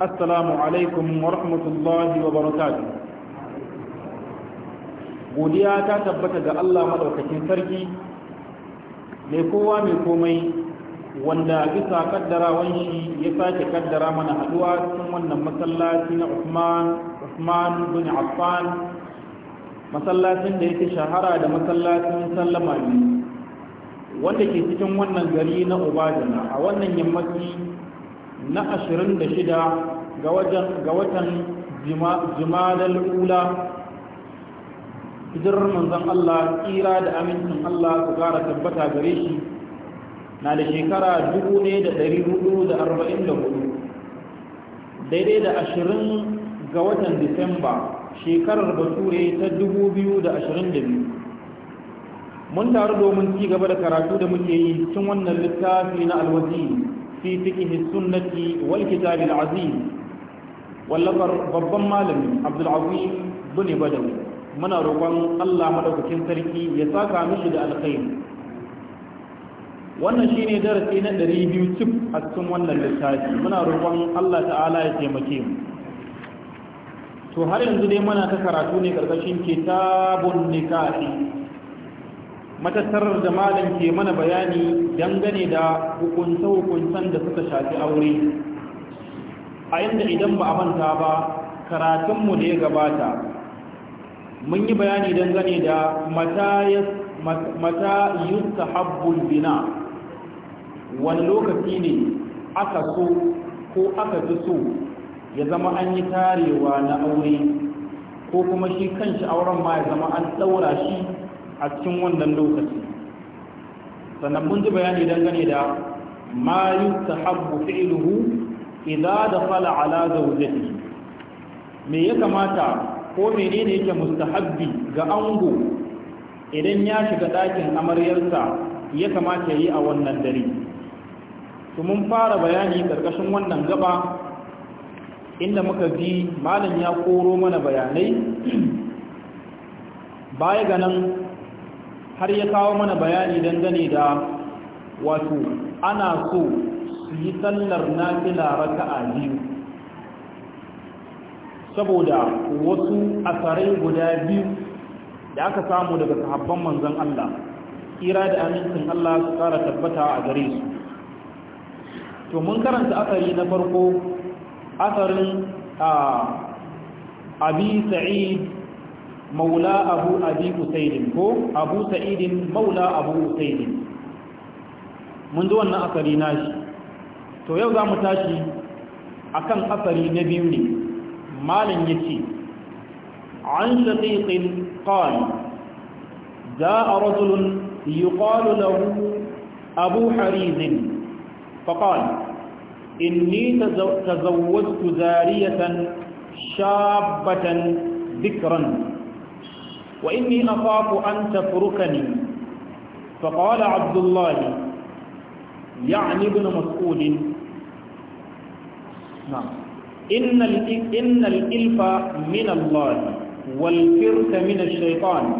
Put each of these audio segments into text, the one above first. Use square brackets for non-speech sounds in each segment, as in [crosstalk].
assalamu alaikum wa rahmatullahi wa barakatuh godiya ta tabbata ga Allah madaukakin sarki mai kowa mai komai wanda bisa kaddarawan shi ya sake kaddara mana haduwa cikin wannan masallaci na Usman Usman bin Affan masallacin da yake shahara da masallacin sallama ne wanda ke cikin wannan gari na Ubadana a wannan yammacin. na 26 ga wajen ga watan jimadal ula hijirar manzon Allah tsira da amincin Allah ku gara tabbata gare shi na da shekara 1444 daidai da 20 ga watan disamba shekarar bature ta 2022 mun taru domin ci gaba da karatu da muke yi cikin wannan littafi na alwaziri fi fikih sunnati wal kitab al azim wala babban malamin, abdul azim bin muna roƙon Allah Maɗaukacin sarki ya saka mishi da alkhair wannan shine darasi na ɗari biyu tip a cikin wannan littafi, muna roƙon Allah ta'ala ya taimake mu to har yanzu dai muna ta karatu ne karkashin kitabun nikahi matattarar da malam ke mana bayani dangane da hukunta-hukuntan da suka shafi aure a yadda idan ba a manta ba karatunmu da ya gabata mun yi bayani dangane da mata yusta habbul bina wani lokaci ne aka so ko aka fi so ya zama an yi tarewa na aure ko kuma shi kanshi auren ma ya zama an ɗaura shi a cikin wannan lokaci sannan mun ji bayani dangane da ma yustahabbu fi'luhu idza dakhala ala zawjatihi me ya kamata ko menene yake mustahabbi ga ango idan ya shiga dakin amaryarsa ya kamata yi a wannan dare to mun fara bayani ƙarƙashin wannan gaba inda muka bi malam ya koro mana bayanai baya ganan har ya kawo mana bayani dangane da wato ana so su yi sallar nafila raka'a biyu saboda wasu asarai guda biyu da aka samu daga sahabban manzon Allah kira da amincin Allah su kara tabbata a gare su to mun karanta asari na farko asarin a ah, abi sa'id maula abu abi usaidin ko abu sa'idin maula abu usaidin mun ji wannan asari nashi to yau za mu tashi a kan asari na biyu ne malam ya ce an shaƙiƙin ƙari za a rasulun yi ƙari da abu harizin faƙar inni ta zauwa zariyatan shabbatan dikranta وإني أخاف أن تتركني فقال عبد الله يعني ابن مسؤول نعم إن إن الإلف من الله والفرس من الشيطان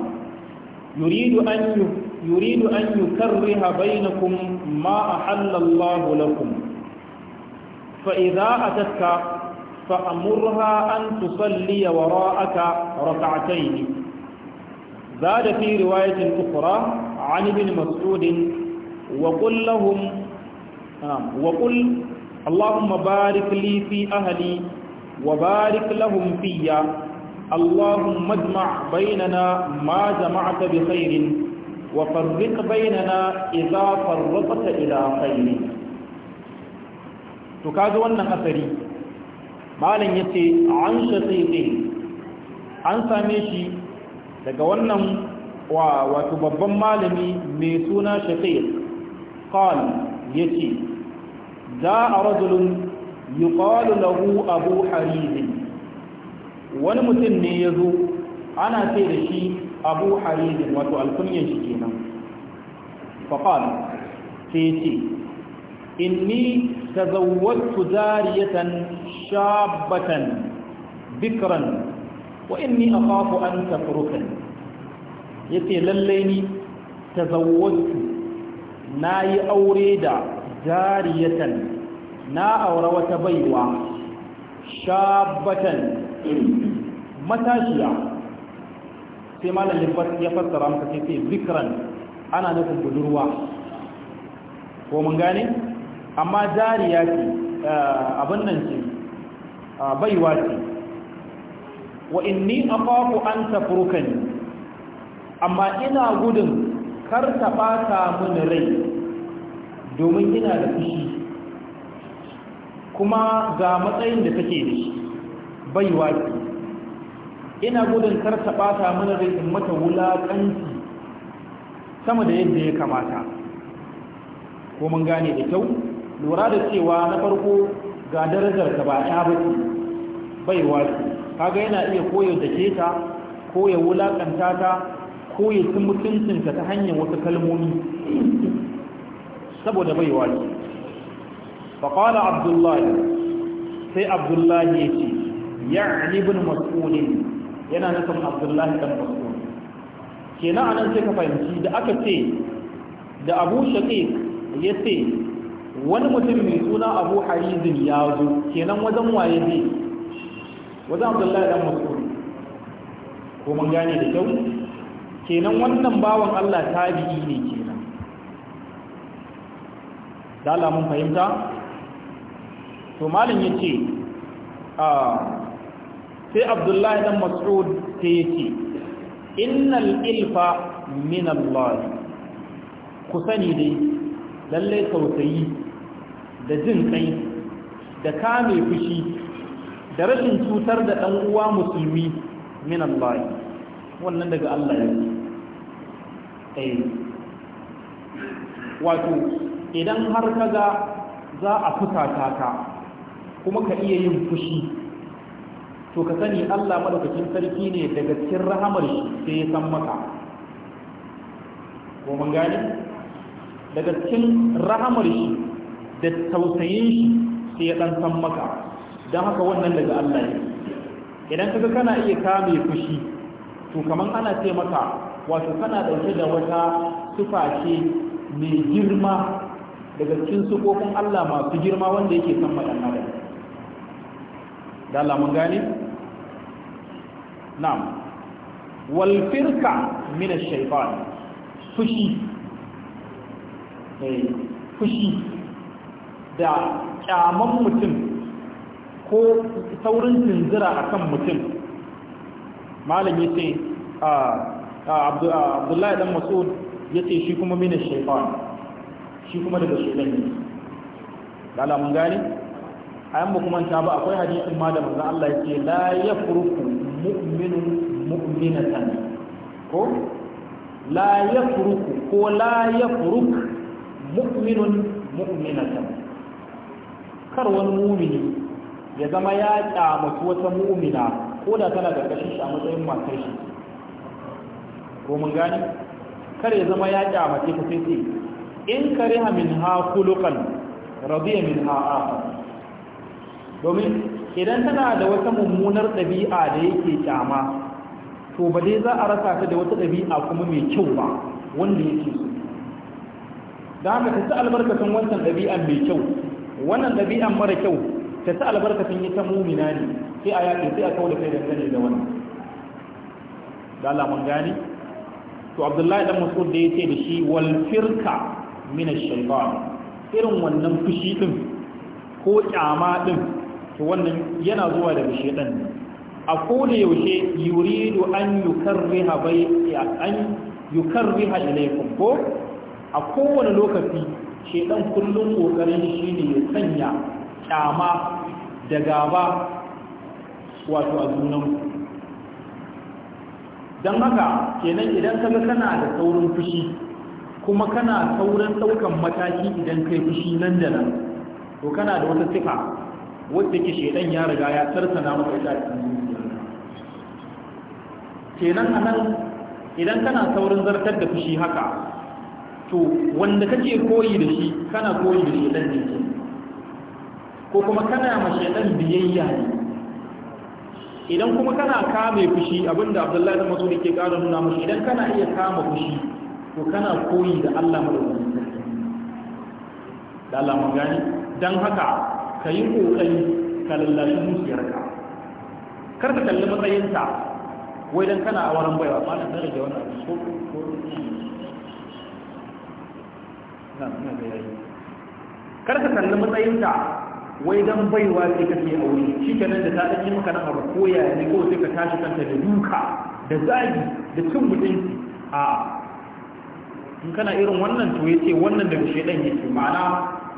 يريد أن يريد أن يكره بينكم ما أحل الله لكم فإذا أتتك فأمرها أن تصلي وراءك ركعتين زاد في رواية أخرى عن ابن مسعود وقل لهم نعم وقل اللهم بارك لي في أهلي وبارك لهم فيا اللهم اجمع بيننا ما جمعت بخير وفرق بيننا إذا فرقت إلى خير تكاد وانا أثري ما لن يتي عن شقيقي عن ساميشي daga wannan wato babban malami mai suna shafir ya ce, za a rajulun yuqalu lahu abu hariz wani mutum ne ya zo ana ce da shi abu hariz wato alkunyan shi kenan faqal sai ce inni tazawwajtu zariyatan shabatan bikran wa inni akhafu an tafrukan yace lallai ni tazawwajtu nayi aure da jariyatan na aure wata baiwa shabatan matashiya sai malam ya fassara maka sai sai zikran ana nufin budurwa ko mun gane amma jariya ce eh, abin nan ce eh, baiwa ce wa inni akhafu an tafrukani amma ina gudun kar ta bata mun rai domin ina da fushi kuma ga matsayin da take da shi bai waki. ina gudun kar ta bata mun rai in mata wulakanci sama da yadda ya kamata ko mun gane da kyau lura da cewa na farko ga darajar ta ba ta bace baiwa kaga yana iya koyo da ke ta ko ya wulakanta ta ko ya ci mutuncinta ta hanyar wasu kalmomi saboda baiwa ne faƙala abdullahi sai abdullahi ya ce ya ibn mas'ulin yana nufin abdullahi dan mas'ul kenan anan sai ka fahimci da aka ce da abu shaqiq ya ce wani mutum mai suna abu harizin ya zo kenan wajen waye ne wajen abdullahi dan mas'ud ko mun gane da kyau kenan wannan bawan Allah tabi'i ne kenan da Allah mun fahimta to malin yace a ah, sai abdullahi dan mas'ud sai yace innal ilfa min Allah ku sani dai lalle tausayi da jin kai da kame fushi da rashin cutar da ɗan uwa musulmi min Allah wannan daga Allah ya yi? Eh. wato idan har kaga za a fusata ka kuma ka iya yin fushi to ka sani Allah madaukakin sarki ne daga cikin rahamar shi sai ya san maka ko mun gane daga cikin rahamar shi da tausayin shi sai ya dan san maka don haka wannan daga Allah ne idan kaga kana iya kame fushi to kaman ana ce maka wato kana dauke da wata sufa ce mai girma daga cikin sukokun Allah masu girma wanda yake san madan adam da Allah mun gane na'am wal firka min ash-shaytan fushi eh fushi da kyaman mutum ko saurin tunzira a kan mutum malam ce a abdullahi dan masud ya ce shi kuma mini shaifan shi kuma daga shaidan ne lala mun gani a yan ta ba akwai hadisin ma da manzan Allah ya ce la ya furuku mu'minun mu'minatan ko la ya furuku ko la ya furuku mu'minun mu'minatan kar wani mumini ya zama ya kyamaci wata mu'mina ko da tana da shi a matsayin matar shi ko mun gani kar ya zama ya kyamace ta sai sai in kariha min ha kulukan radiya min ha domin idan tana da wata mummunar ɗabi'a da yake kyama to ba dai za a rasa ta da wata ɗabi'a kuma mai kyau ba wanda yake so da haka ta ci albarkacin wancan ɗabi'a mai kyau wannan ɗabi'an mara kyau ta ta yi ta mumina ne sai a yaƙi sai a kawo da kai dangane da wani. da Allah mun gani to Abdullahi dan Mas'ud da yace da shi wal firka min ash-shaytan irin wannan fushi din ko kyama din to wannan yana zuwa daga shedan ne a koda yaushe yuridu an yukarriha bai an yukarriha ilaykum ko a kowane lokaci shedan kullum kokarin ne ya sanya kyama da gaba wato a junanku don haka kenan idan kaga kana da saurin fushi kuma kana saurin daukan mataki idan kai fushi nan da nan to kana da wata sifa wadda ke shaidan ya riga ya tarsana maka ita a kenan a nan idan kana saurin zartar da fushi haka to wanda kake koyi da shi kana koyi da shaidan ne ko kuma kana ma shaitan biyayya ne idan kuma kana kame fushi abinda abdullahi da masudi ke ƙara nuna mashi idan kana iya kama fushi ko kana koyi da Allah madaukakin sarki da Allah mun gani don haka ka yi kokari ka lallashi zuciyarka kar ka kalli matsayinta wai dan kana a wurin baiwa ba na rage wani abu ko ko na na ga yayi kar ka kalli matsayinta wai dan baiwa sai kake aure shi kenan da ta dace maka nan abu koya ne ko sai ka tashi kanta da duka da zagi da cin mutunci a in kana irin wannan to yace wannan daga shedan yake ma'ana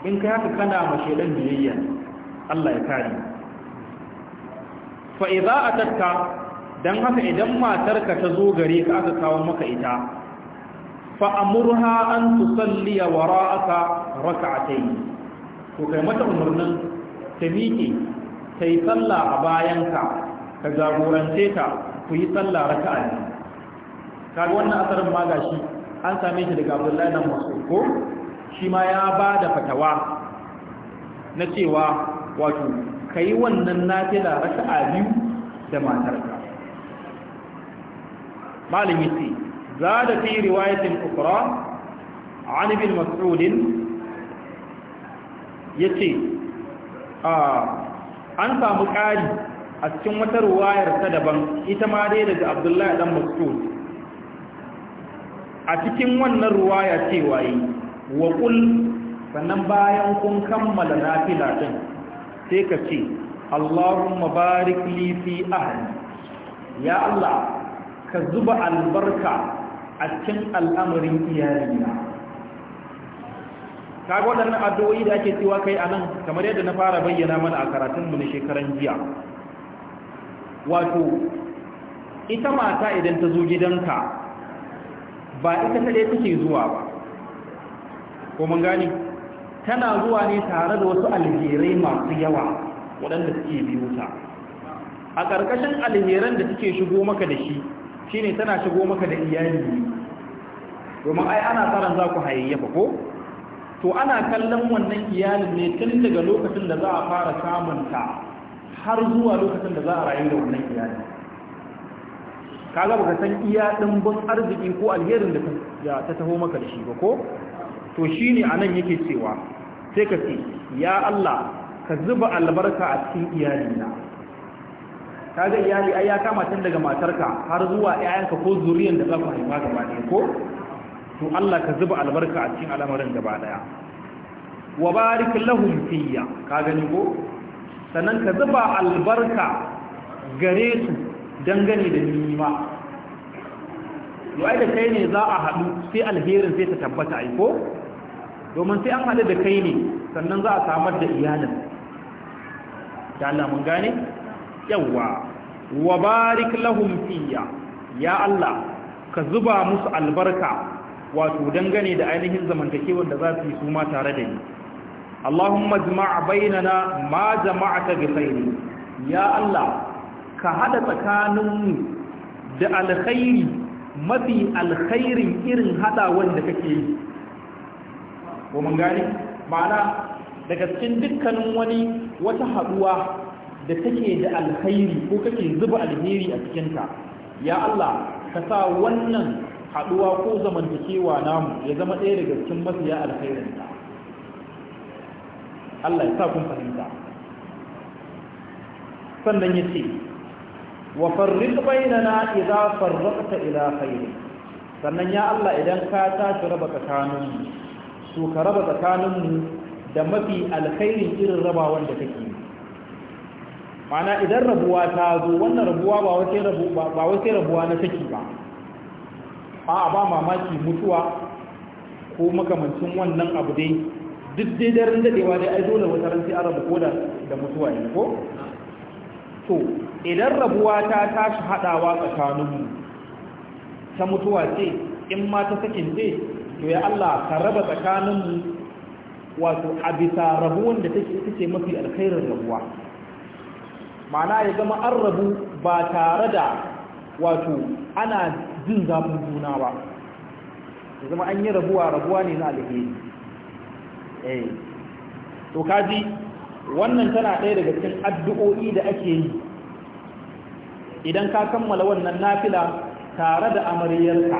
in kai haka kana ma shedan biyayya Allah ya kare fa idza atatka dan haka idan matarka ta zo gare ka aka kawo maka ita fa amurha an tusalli wara'aka rak'atayn to kai mata umarnin ta miƙe ta yi tsalla a bayanka ka jagorance ta ku yi tsalla raka a ne kaga wannan asarin ma gashi an same shi daga abdullahi dan masu ko shi ma ya ba da fatawa na cewa wato ka yi wannan nafila raka a biyu da matarka malin yace za da fi riwayatin ukra an ibn mas'udin ya ce an samu ƙari a cikin wata ruwayar ta daban ita ma dai daga abdullahi dan masud a cikin wannan ruwaya cewa yi wa kul sannan bayan kun kammala nafila ɗin sai ka ce allahumma barik li fi ahli ya allah ka zuba albarka a cikin al'amarin iyalina kaga waɗannan addu'o'i da ake cewa kai anan kamar yadda na fara bayyana mana a karatun mu na shekaran jiya wato ita mata idan ta zo gidanka ba ita ta take zuwa ba ko mun gani tana zuwa ne tare da wasu alherai masu yawa waɗanda suke biyu ta a ƙarƙashin alheran da suke shigo maka da shi shine tana shigo maka da iyali domin ai ana tsaron za ku hayayyafa ko to ana kallon wannan iyalin ne tun daga lokacin da za a fara samun ta har zuwa lokacin da za a rayu da wannan iyalin kaga baka san iya dimbin arziki ko alherin da ta taho maka da shi ba ko to shine anan yake cewa sai ka ce ya Allah ka zuba albarka a cikin iyalina ga iyali ai ya kama tun daga matarka har zuwa 'ya'yanka ko zuriyar da za ku haifa gaba ɗaya ko to Allah ka zuba albarka a cikin al'amarin gaba daya wa barik lahum fiyya ka gani ko sannan ka zuba albarka gare su dangane da nima ma. ai da kai ne za a haɗu sai alherin sai ta tabbata ai ko domin sai an haɗu da kai ne sannan za a samar da iyalin da Allah mun gane yawa wa barik lahum fiyya ya Allah ka zuba musu albarka wato dangane da ainihin zamantakewar da za su yi su ma tare da ni Allahumma jama'a bainana ma jama'ata bi khairi ya Allah ka hada tsakaninmu da alkhairi mafi alkhairin irin hada wanda kake yi ko mun gane ma'ana daga cikin dukkanin wani wata haduwa da take da alkhairi ko kake zuba alheri a cikinta ya Allah ka sa wannan haɗuwa ko zamantakewa namu ya zama ɗaya daga cikin mafiya alkhairinta Allah ya sa kun fahimta sannan ya ce wa farriq bainana idza farraqta ila khairi sannan ya Allah idan ka tashi raba tsakanin mu to ka raba tsakanin mu da mafi alkhairin irin rabawan da kake ma'ana idan rabuwa ta zo wannan rabuwa ba wace rabuwa na take ba a ba mamaki mutuwa ko makamancin wannan abu dai duk dai daren dadewa dai ai dole wata ran sai an rabu koda da mutuwa ne ko to idan rabuwa ta tashi hadawa tsakaninmu ta mutuwa ce in ma ta sakin ce to ya Allah ka raba tsakaninmu wato a bisa rabuwan da take take mafi alkhairin rabuwa ma'ana ya zama an rabu ba tare da wato ana jin zafin juna ba zama an yi rabuwa rabuwa ne na alheri eh to kaji wannan tana ɗaya daga cikin addu'o'i da ake yi idan ka kammala wannan nafila tare da amaryarka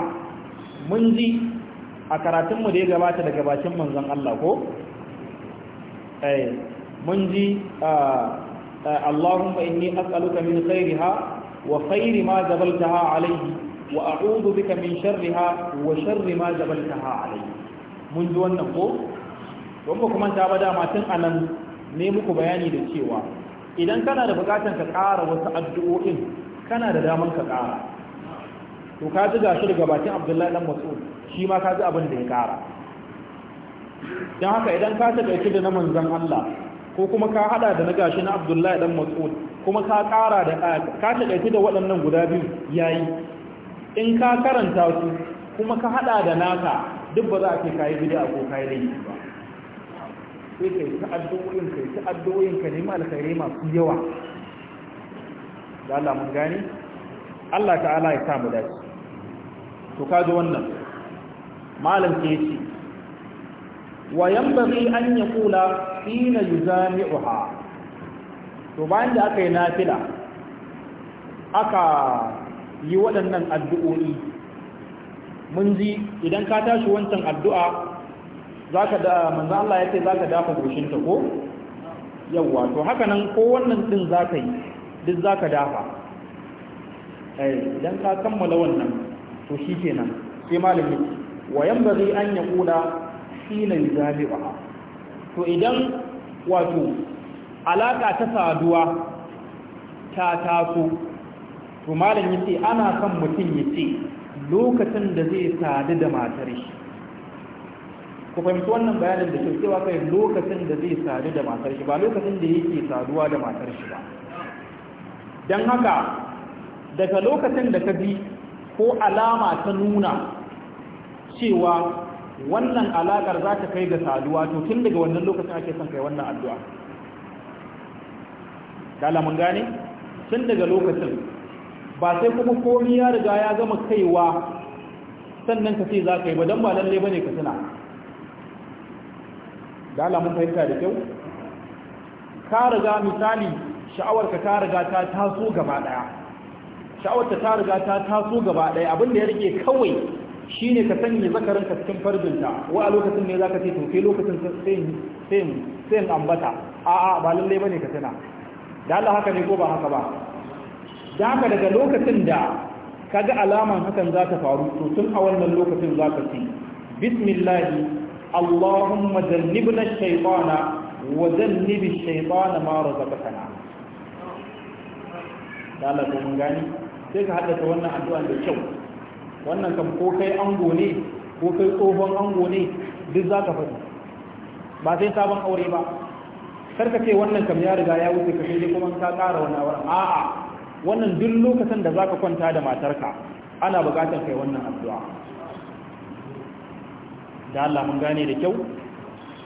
mun ji a karatunmu da ya gabata daga bakin manzon Allah ko eh mun ji ah, ah, Allahumma inni as'aluka min khairiha وخير ما جبلتها عليه واعوذ بك من شرها وشر ما جبلتها عليه منذ أن نقول وأمكم أنت أبدا ما تنعلم bayani بياني cewa. idan kana da bukatan ka ƙara wasu addu'o'in kana da daman ka ƙara to ka ji gashi daga bakin abdullahi dan mas'ud shi ma ka ji abin da ya kara. don haka idan ka taɓa da na manzon Allah ko kuma ka hada da na gashi na abdullahi dan mas'ud kuma ka ƙara da ka taƙaitu da waɗannan guda biyu yayi in ka karanta su kuma ka haɗa da naka duk ba za a ce kayi bida ko kayi laifi ba sai kai ta addu'o'in kai ta addu'o'in ka nemi alkhairai masu yawa da Allah mun gani Allah ta'ala ya samu dace to kaji wannan malam ke ce wa yanbaghi an yaqula hina yuzami'uha to bayan da aka yi nafila aka yi waɗannan addu'o'i mun ji idan ka tashi wancan addu'a za ka da manzan Allah ya ce za ka dafa goshinta ko yawwa to haka nan ko wannan ɗin za ka yi duk za ka dafa eh, idan ka kammala wannan to shi kenan sai malami wa yan bari an ya kula shi na yi to idan wato alaƙa ta saduwa ta taso to malam ya ce ana son mutum ya ce lokacin da zai sadu da matar shi ku fahimci wannan bayanin da kyautewa kai lokacin da zai sadu da matar shi ba lokacin da yake saduwa da matar shi ba don haka daga lokacin da ka bi ko alama ta nuna cewa wannan alaƙar za ta kai ga saduwa to tun daga wannan lokacin ake son kai wannan addu'a dala mun gane tun daga lokacin ba sai kuma komi ya riga ya gama kaiwa sannan ka ce za ka yi ba don ba lalle ba ne ka tuna dala mun fahimta da kyau ka riga misali sha'awarka ta riga ta taso gaba daya sha'awarta ta riga ta taso gaba daya abin da ya rike kawai shine ka sanya zakarin ka cikin farjinta wa a lokacin ne ka ce to kai lokacin sai sai sai ambata a'a ba lalle bane ka tuna. da Allah haka ne ko ba haka ba da haka daga lokacin da ka ga alaman hakan za ta faru to tun a wannan lokacin za ka ci bismillahi allahumma jannibna shaytana wa jannibi shaytana ma razaqtana da Allah ko gani sai ka haddasa wannan addu'a da kyau wannan kam ko kai ango ne ko kai tsohon ango ne duk za ka faɗi ba sai sabon aure ba karka ce wannan kam ya riga ya wuce kashe kuma ka ƙara wani awar a'a wannan duk lokacin da zaka kwanta da matarka ana buƙatar kai wannan addu'a da Allah mun gane da kyau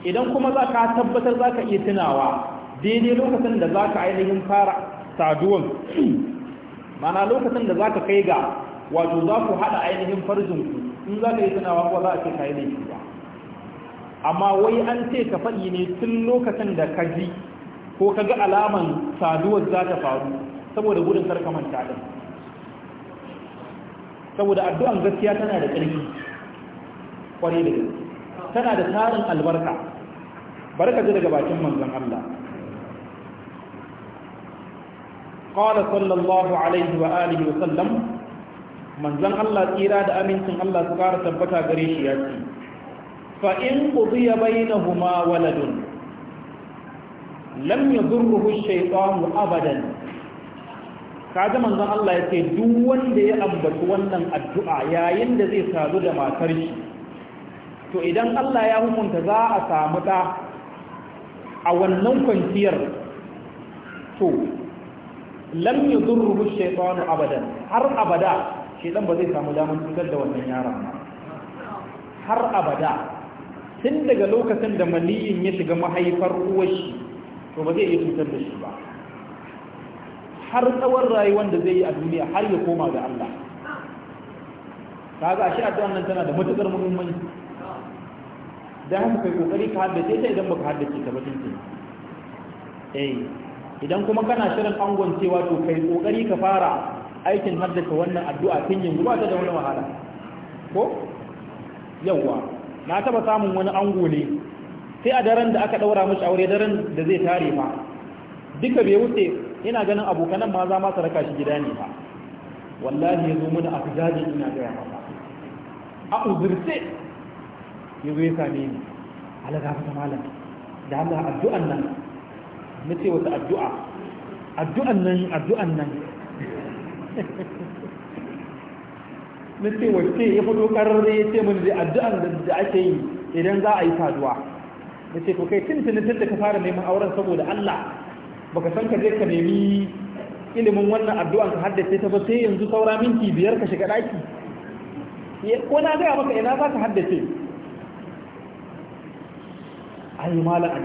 idan kuma za ka tabbatar za ka iya tunawa daidai lokacin da za ka ainihin fara saduwan mana lokacin da za ka kai ga wato za ku haɗa ainihin ku in za ka yi tunawa kuwa za a ce ka yi laifi ba amma wai an ce ka faɗi ne tun lokacin da ka ji ko ka ga alaman saduwar za ta faru saboda gudun karka manta ɗin saboda addu'an gaskiya tana da ƙarfi ƙwarai da gaske tana da tarin albarka barka ji daga bakin manzan Allah ƙwada sallallahu alaihi wa alihi wa sallam manzan Allah tsira da amincin Allah su ƙara tabbata gare shi ya ce فإن قضي بينهما ولد لم يضره الشيطان أبدا kaga manzon Allah ya yace duk wanda ya ambaci wannan addu'a yayin da zai sadu da matar shi to idan Allah ya hukunta za a samu ta a wannan kwanciyar to lam yudurruhu shaytanu abadan har abada shaytan ba zai samu damar cutar da wannan yaron har abada tun daga lokacin da maniyin ya shiga mahaifar uwashi to ba zai iya cutar da shi ba har tsawon rayuwar da zai yi a duniya har ya koma ga Allah kaga shi addu'a nan tana da matukar muhimmanci da haka kai kokari ka haddace ta idan baka haddace ta ba tun eh idan kuma kana shirin angon cewa to kai kokari ka fara aikin haddace wannan addu'a tun yanzu ba ta da wani wahala ko yawwa na taba samun wani ango ne sai a daren da aka daura mashi aure daren da zai tare ma. duka bai wuce yana ganin abokanan ma za ma su raka shi gida ne fa wallahi ya zo mana a fijaji ina gaya masa a uzurce ya zo ya same ni ala ga ta malam da Allah addu'an nan na ce wata addu'a addu'an nan addu'an nan [laughs] na ce wacce ya fito kararre ya ce mun da addu'an da ake yi idan za a yi saduwa na ce ko kai tun tun tun da ka fara neman auren saboda Allah baka san ka je ka nemi ilimin wannan addu'an ka haddace ta ba sai yanzu saura minti biyar ka shiga daki ko na gaya maka ina za ka haddace ai malam a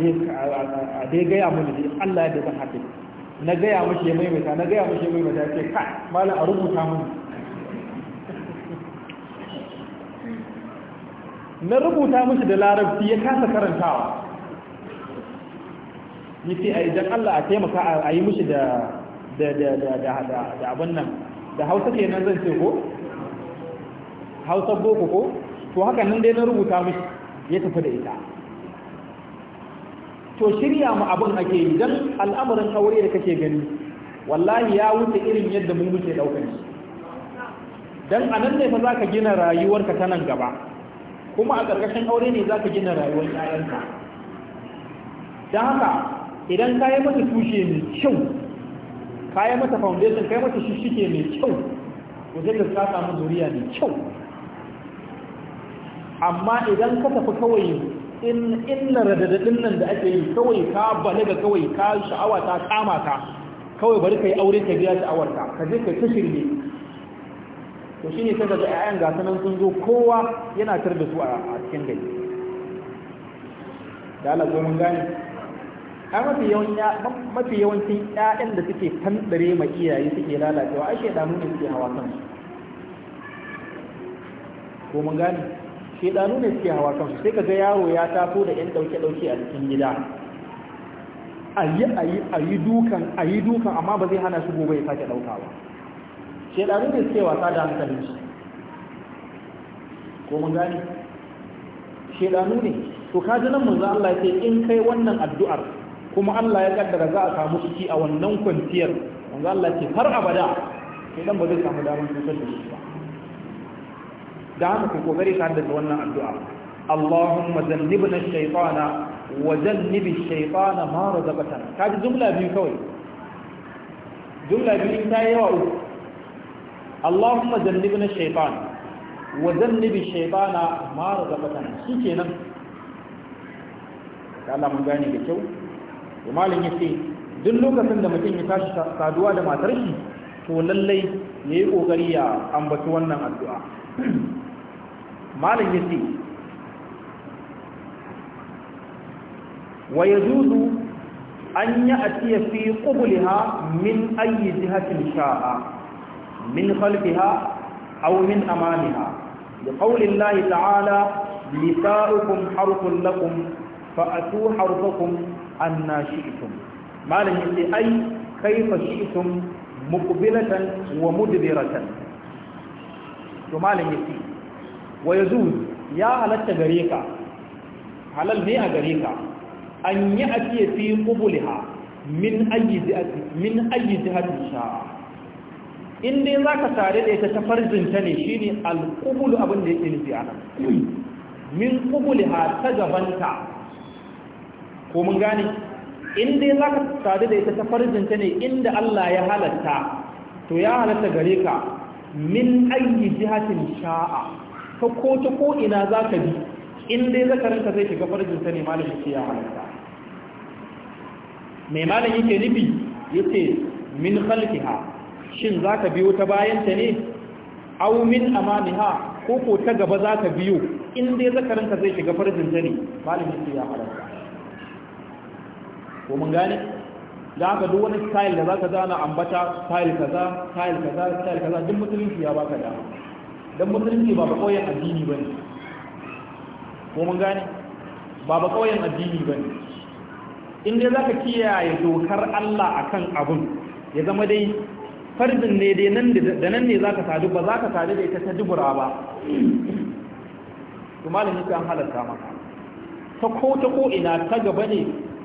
dai gaya ya dai Allah ya da zan haddace na gaya mashi ya maimaita na gaya mushe ya maimaita ya ce ka malam a rubuta mun na rubuta mishi da larabci ya kasa karantawa ya ce a idan Allah a taimaka a yi mishi da abin nan da hausa ke nan zan ce ko? hausa boko ko? to haka nan dai na rubuta mishi ya tafi da ita to shirya mu abin ake yi don al'amarin aure da kake gani wallahi ya wuce irin yadda mun muke daukar shi don a nan ne fa za ka gina rayuwarka ta nan gaba kuma a ƙarƙashin aure ne za ka gina rayuwar ƴaƴanka don haka idan ka yi mata tushe mai kyau ka yi mata foundation ka yi mata shishike mai kyau ko zai ka samu zuriya mai kyau amma idan ka tafi kawai in inna radadadin nan da ake yi kawai ka balaga kawai ka sha'awa ta kama ka kawai bari ka yi aure ka biya sha'awarka ka je ka ta ne. to shine sai da ayan gasa nan sun zo kowa yana tar da su a cikin gari da Allah ko mun gane a mafi yawancin mafi yawancin ƴaƴan da suke tantare ma iyaye suke lalacewa ai da mun suke hawa su ko mun gane da ne suke hawa su sai kaga yaro ya taso da ƴan dauke dauke a cikin gida ayi ayi ayi dukan ayi dukan amma ba zai hana shi gobe ya sake dauka ba shedanu ne suke wasa da hankalin shi ko mun gani? shedanu ne to kaji nan manzo Allah ya ce in kai wannan addu'ar kuma Allah ya kaddara za a samu ciki a wannan kwanciyar manzo Allah ya ce har abada shedan ba zai samu damar cutar da shi ba da haka ku kokari ka haddasa wannan addu'a Allahumma zannibna ash-shaytana wa zannibi ash-shaytana ma razaqtana kaji jumla biyu kawai jumla biyu ta yawa uku Allahumma jannibna na, wa jannibi shaytana ma razaqtana shikenan Allah mun gane da kyau to malam yace duk lokacin da mutum ya tashi saduwa da matar shi to lallai yayi ƙoƙari ya ambaci wannan addu'a [clears throat] malam yace wa yajuzu an ya'tiya fi qubliha min ayyi jihatin sha'a من خلفها أو من أمامها لقول الله تعالى نساؤكم حرث لكم فأتوا حرثكم أن شئتم ما لم أي كيف شئتم مقبلة ومدبرة ثم لم ويجوز يا على التجريكة على المئة جريكة أن يأتي في قبلها من أي جهة من أي جهة شاء in dai za ka tare da ita ta farzinta ne shi ne alƙubulu abin da yake nufi ana min ƙubuli ha ta gabanta ko mun gane in dai za ka tare da ita ta farzinta ne inda Allah ya halatta to ya halatta gare ka min ayi jihatin sha'a ta ko ta ko ina za ka bi in dai zakarinka zai shiga farzinta ne malamin ce ya halatta mai malamin yake nufi yace min khalqiha shin za ka biyo ta bayanta ne aumin amamiha ko ko ta gaba za ka biyo in dai zakaranka zai shiga ta ne malamin su ya haramta ko mun gane da aka duk wani style da za ka zana ambata style kaza style kaza style kaza duk musulunci ya baka dama don musulunci ba ba koyan addini ba ne ko mun gane ba ba koyan addini ba ne in dai za ka kiyaye dokar allah akan abun ya zama dai farzin ne dai nan da nan ne za ka sadu ba za ka sadu da ita ta dubura ba to su kan halarta maka ta ko ta ko ina ta gaba ne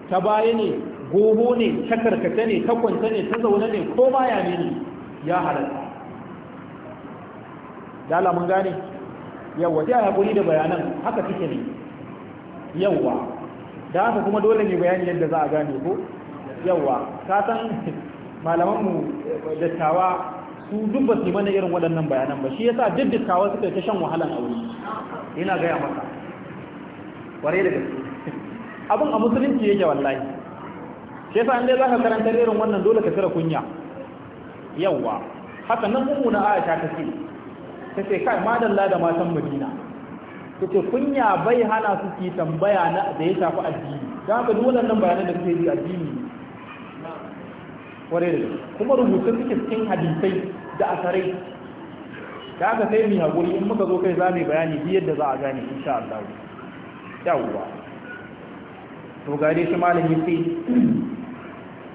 ta baya ne gobo ne ta karkata ne ta kwanta ne ta zaune ne ko ba ya ne ya halarta la mun gane yawa sai ya hakuri da bayanan haka kike ne yawa da haka kuma dole ne bayani yadda za a gane ko yawa ka san malamanmu eh, dattawa su duk ba su mana irin waɗannan bayanan ba shi yasa duk dattawa suka ta shan wahalan aure yana gaya masa ware da gaske [laughs] abin a musulunci yake wallahi shi yasa an dai za ka karanta irin wannan dole ka tsira kunya yawwa haka nan ummu na aisha ta ce ta ce kai madalla da matan madina ta ce kunya bai hana su ki tambaya na da ya shafi addini za ka duk waɗannan bayanan da suke yi addini kwarai da kuma rubuta suke cikin hadisai da asarai da aka sai mai haƙuri in muka zo kai za mu bayani biyar yadda za a gane sha Allah yawwa to ga dai shi malami sai,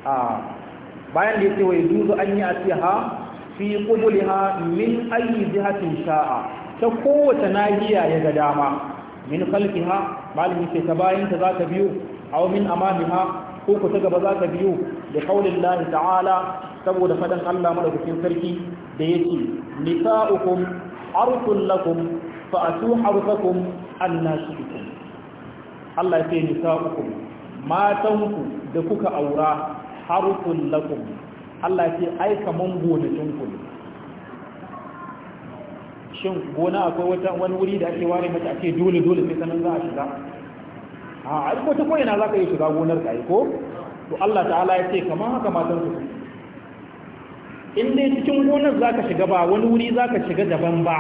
a bayan da yace wai zuzu an yi a ha fi ha, min ayi jihatin sha'a ta kowace nahiya ya ga dama min ha, malami sai ta bayan ta za ta biyo aw min ha, ko ku ta gaba za ta biyo da kaulin lahi ta'ala saboda faɗin Allah madaukakin sarki da ya ce nisa'ukum arfun lakum fa'atu harfakum annashikum Allah ya ce nisa'ukum matanku da kuka aura harfun lakum Allah ya ce ai kaman shin gona akwai wata wani wuri da ake ware mata ake dole dole sai sanan za a shiga a ai ko ta koyana za ka yi shiga gonar ka ko to Allah ta'ala ya ce kamar haka matan su in dai cikin gonar zaka shiga ba wani wuri zaka shiga daban ba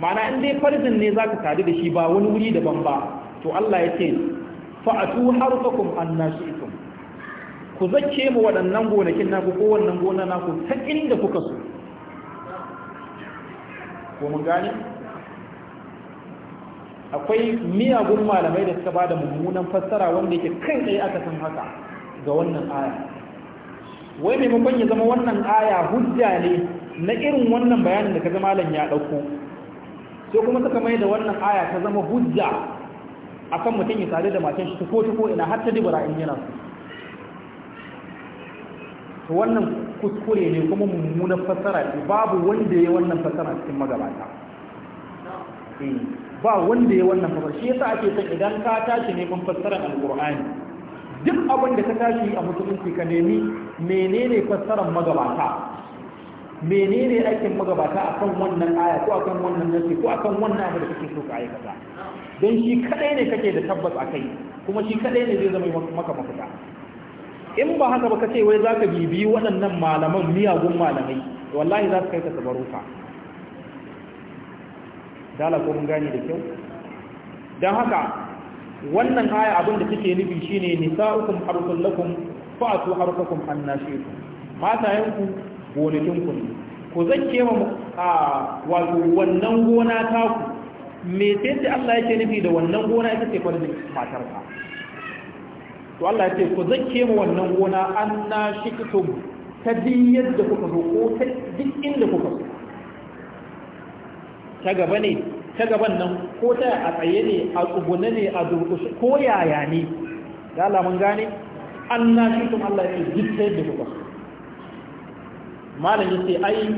ma'ana in dai farzin ne zaka tare da shi ba wani wuri daban ba to Allah ya ce fa'atu harfakum annashi'tum ku zace mu waɗannan gonakin naku ko wannan gona naku ta inda kuka so ko mun gane akwai miyagun malamai da suka bada mummunan fassara wanda yake kai tsaye aka san haka ga wannan aya wai maimakon ya zama wannan aya hujja ne na irin wannan bayanin da ka zama lan ya ɗauko sai kuma suka mai da wannan aya ta zama hujja akan mutum ya sadu da matan shi tuko tuko ina har ta dubara in yana to wannan kuskure ne kuma mummunan fassara babu wanda ya wannan fassara cikin magabata eh, ba wanda ya wannan fassara shi yasa ake son idan ka tashi neman fassarar alqur'ani duk abin da ka tashi a musulunci ka nemi menene fassarar magabata menene aikin magabata a kan wannan aya ko a kan wannan nasi ko a kan wannan abu da kake so ka aikata don shi kadai ne kake da tabbas a kai kuma shi kadai ne zai zama maka mafita in ba haka ba kace wai zaka bibi waɗannan malaman miyagun malamai wallahi za su kai ka tabaruka dala ko mun gane da kyau don haka wannan aya abin da take nufi shine nisa'ukum harsul lakum fa'tu harsakum annashikum matayen ku gonakin ku ku zakke mu a wato wannan gona ta ku me sai Allah yake nufi da wannan gona ita ce farin matar ka to Allah yake ku zakke mu wannan gona annashikum ta din yadda kuka so ko ta duk inda kuka so ta gaba ne ta gaban nan ko ta a tsaye ne a tsugune ne a durkusu ko yaya ne da Allah mun gane an na shi tun Allah ya jitta da kuka malam yace ai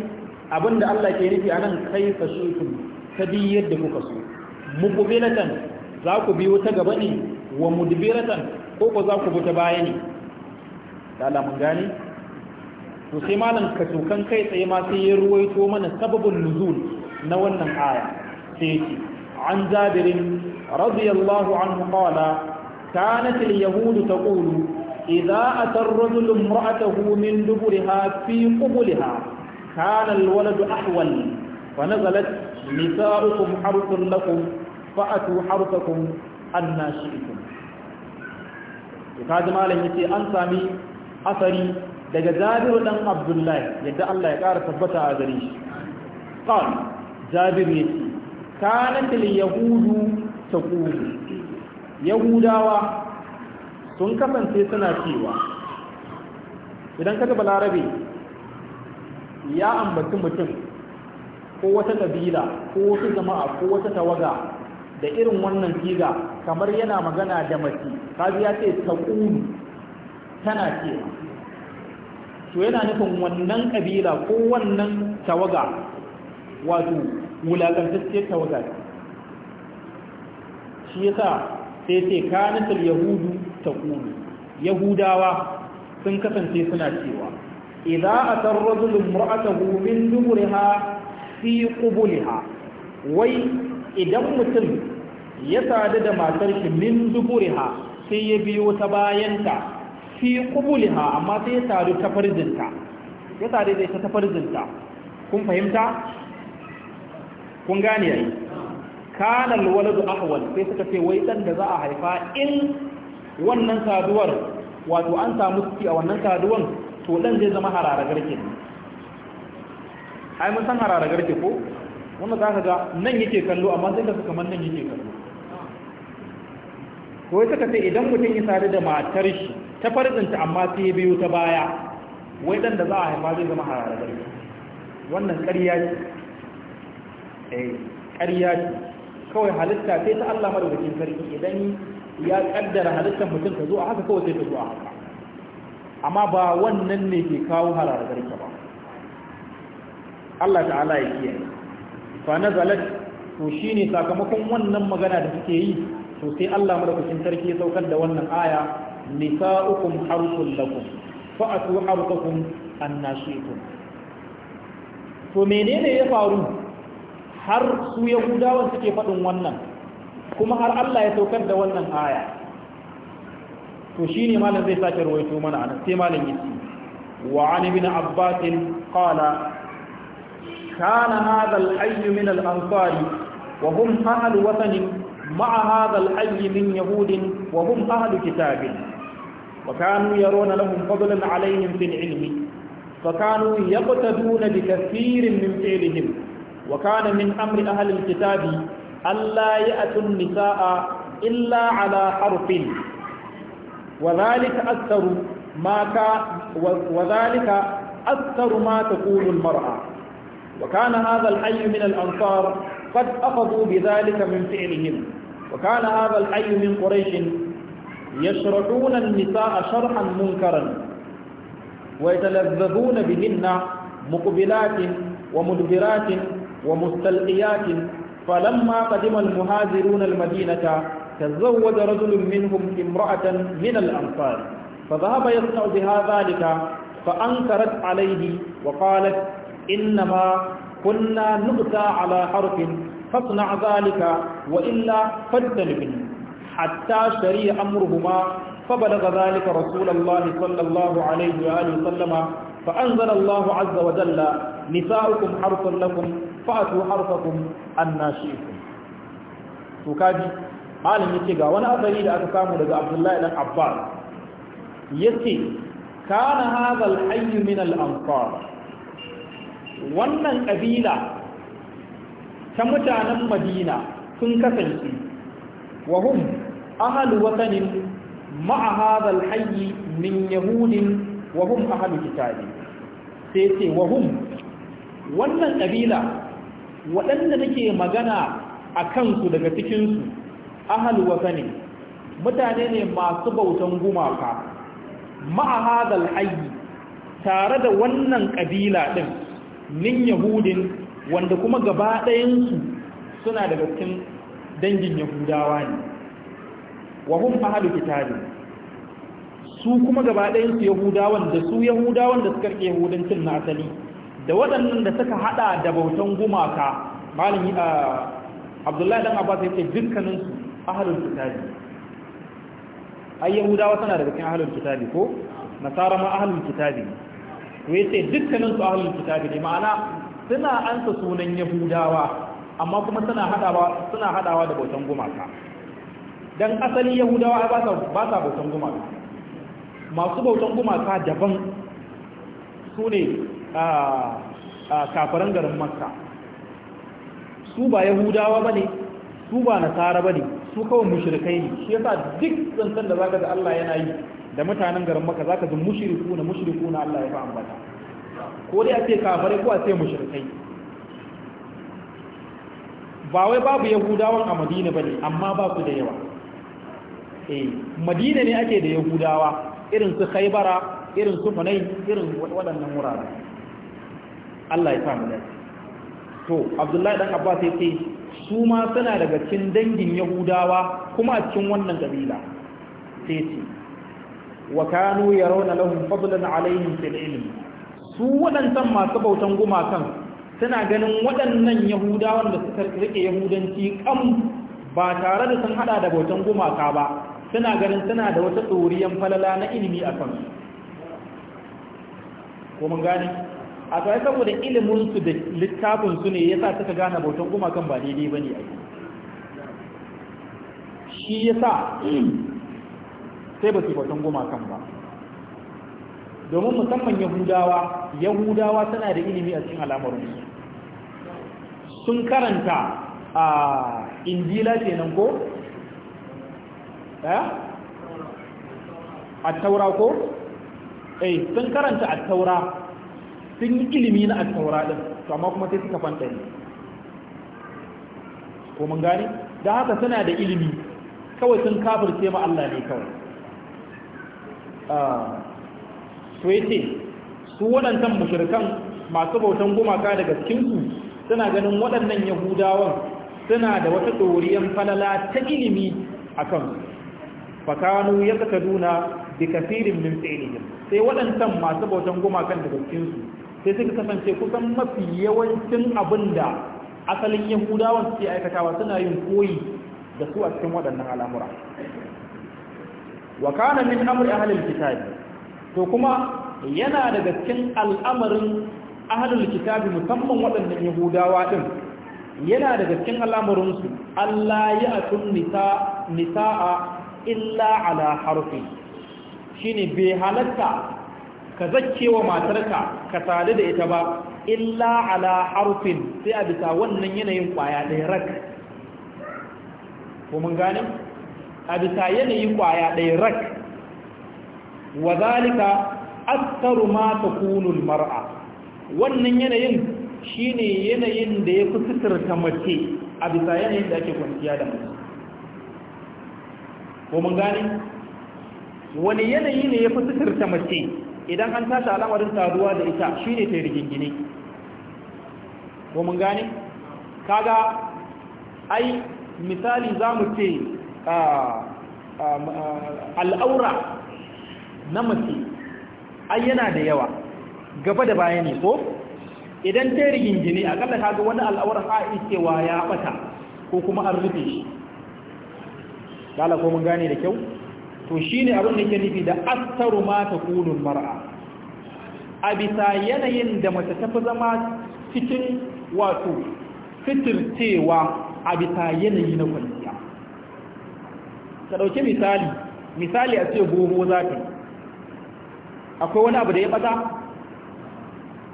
abinda Allah ke nufi anan kai ka shi tun ta bi yadda kuka so muqbilatan za ku biyo ta gaba ne wa mudbiratan ko ko za ku buta ta baya ne da Allah mun gane to sai malam ka tukan kai tsaye ma sai ya ruwaito mana sababin nuzul na wannan aya سيتي عن جابر رضي الله عنه قال كانت اليهود تقول إذا أتى الرجل امرأته من دبرها في قبلها كان الولد أحول فنزلت نساؤكم حرث لكم فأتوا حرثكم أن شئتم وكاد ما لن يتي أنسامي أثري daga Jabir عبد الله يدعى الله يقارب ثبت tabbata قال gare يتي kanat yahudu taqulu yahudawa sun kasance suna cewa idan ka taba balarabe ya ambaci mutum ko wata ƙabila ko wasu jama'a ko wata tawaga da irin wannan siga kamar yana magana da mace ta ya ce taqulu tana cewa to yana nufin wannan ƙabila ko wannan tawaga wato wulaƙantacciyar tawaga shi yasa sai ce kanatar yahudu ta Kulu. yahudawa sun kasance suna cewa idza atar rajulun mar'atahu min duburiha fi ha. wai idan mutum ya sadu da matar shi min duburiha sai ya biyo ta bayanta fi ha. amma sai ya sadu ta farjinta ya sadu da ita ta farjinta kun fahimta kun gane yayi kana alwaladu ahwal sai suka ce wai dan da za a haifa in wannan saduwar wato an samu ciki a wannan saduwan to dan zai zama harara garke ai mun san harara garke ko wannan zaka ga nan yake kallo amma sai ka kamar nan yake kallo ko suka ce idan mutum ya sadu da matar shi ta farzinta amma sai biyu ta baya wai dan da za a haifa zai zama harara garke wannan ƙarya ce Eh, ƙarya ce kawai halitta sai ta Allah madaukakin sarki idan ya kaddara halittar mutum ta zo a haka kawai sai ta zo a haka amma ba wannan ne ke kawo halar garka ba Allah ta'ala ya kiyaye fa nazalat to shine sakamakon wannan magana da suke yi to sai Allah madaukakin sarki ya saukar da wannan aya nisa'ukum harsul lakum fa'atu harsakum annashikum to menene ya faru har su yahudawan suke faɗin wannan kuma har Allah ya saukar da wannan aya to shine malam zai sake ruwaito mana anan sai malam yace wa an ibn abbas qala كان هذا الحي من الأنصار وهم أهل وطن مع هذا الحي من يهود وهم أهل كتاب وكانوا يرون لهم فضلا عليهم في العلم فكانوا يقتدون بكثير من فعلهم وكان من أمر أهل الكتاب ألا يأتوا النساء إلا على حرف وذلك أكثر ما وذلك أكثر ما تقول المرأة وكان هذا الحي من الأنصار قد أخذوا بذلك من فعلهم وكان هذا الحي من قريش يشرحون النساء شرحا منكرا ويتلذذون بهن مقبلات ومدبرات ومستلقيات فلما قدم المهاجرون المدينة تزوج رجل منهم امرأة من الأنصار فذهب يصنع بها ذلك فأنكرت عليه وقالت إنما كنا نؤتى على حرف فاصنع ذلك وإلا فاجتنبني حتى شري أمرهما فبلغ ذلك رسول الله صلى الله عليه وآله وسلم فأنزل الله عز وجل نساؤكم حرف لكم fa'atu harfakum annashikum to kaji malam yace ga wani asali da aka samu daga Abdullahi dan Abbas yace kana hadha al-hayy min al-ansar wannan kabila ta mutanen Madina sun kasance wa hum ahlu watanin ma'a hadha al-hayy min yahudin wa hum ahlu kitabi sai sai wa hum wannan kabila waɗanda nake magana a kansu daga cikinsu ahal wata ne mutane ne masu bautan gumaka ma'ahadar hayyi tare da wannan ƙabila ɗin nin yahudin wanda kuma gaba ɗayansu suna daga cikin dangin yahudawa ne wahun ahalu kitabi su kuma gaba ɗayansu yahudawan da su yahudawan da suka rike yahudancin na asali da waɗannan da suka haɗa da bautan gumaka malami a ah, abdullahi dan abbas yake dukkanin su ahlul kitabi ai yahudawa tana daga cikin ahlul kitabi ko nasara ma ahlul kitabi to yace dukkanin su ahlul kitabi ne ma'ana suna ansa sunan yahudawa amma kuma suna hadawa suna hadawa da bautan gumaka dan asali yahudawa ba sa ba sa bautan gumaka masu bautan gumaka daban su ne kafaran garin makka su ba yahudawa ba ne su ba nasara ba ne su kawai mushrikai ne shi yasa duk tsantsan da zaka ji Allah yana yi da mutanen garin makka zaka ji mushriku na mushriku na Allah ya fa ambata ko dai a ce kafare ko a ce mushrikai ba wai babu yahudawan a madina ba ne amma ba su da yawa eh madina ne ake da yahudawa irin su khaibara irin su hunain irin waɗannan wurare Allah ya samu dace to Abdullahi dan Abbas yake su ma suna daga cikin dangin Yahudawa kuma a cikin wannan kabila sai ce wa kanu yarawna lahum fadlan alaihim fil ilm su waɗannan masu bautan gumakan suna ganin waɗannan Yahudawan da suka rike Yahudanci kam ba tare da sun hada da bautan gumaka ba suna ganin suna da wata tsoriyan falala na ilimi a kansu ko mun gane a sai saboda ilimin su da littafin su ne yasa suka gane bautan gumakan ba daidai bane yi, shi yasa sai ba su bautan gumakan ba domin musamman yahudawa yahudawa tana da ilimi a cikin al'amarinsu sun karanta a injila nan ko eh? a taura ko eh sun karanta a taura sun yi ilimi na alkawara ɗin to amma kuma sai suka fanta ne ko mun gane da haka suna da ilimi kawai sun kafirce ma Allah ne kawai ah, to yace su waɗannan mushrikan masu bautan gumaka daga cikin su suna ganin waɗannan yahudawan suna da wata doriyar falala ta ilimi akan fakanu Kaduna, bi kafirin min fi'lihim sai waɗannan masu bautan gumakan daga cikin su sai suka kasance kusan mafi yawancin abin da asalin yahudawan suke aikatawa suna yin koyi da su a cikin waɗannan al'amura wa kana min amri halin kitabi to kuma yana daga cikin al'amarin ahlul kitabi musamman waɗannan yahudawa ɗin, yana daga cikin al'amarin su Allah ya atun nisa nisaa illa ala harfi shine bai halatta ka zakke wa matarka ka sadu da ita ba illa ala harfin sai a bisa wannan yanayin kwaya ɗaya rak ko mun gane a bisa yanayin kwaya ɗaya rak wa zalika aktsaru ma takunu mara wannan yanayin shine yanayin da ya fi suturta mace a bisa yanayin da ake kwanciya da mace ko mun gane wani yanayi ne ya fi suturta mace idan an tashi al'amarin taruwa da ita shi ne ta rigingine ko mun gane kaga ai misali za mu ce al'aura na mace ai yana da yawa gaba da baya ne ko idan ta rigingine akalla kaga wani al'aura a iskewa ya bata ko kuma an rufe shi ko mun gane da kyau to shine abin da yake nufi da aktsaru ma kunun mar'a a bisa yanayin da mace ta fi zama cikin wato fitircewa a bisa yanayi na kwanciya ka ɗauki misali misali a ce goho za ta akwai wani abu da ya ɓata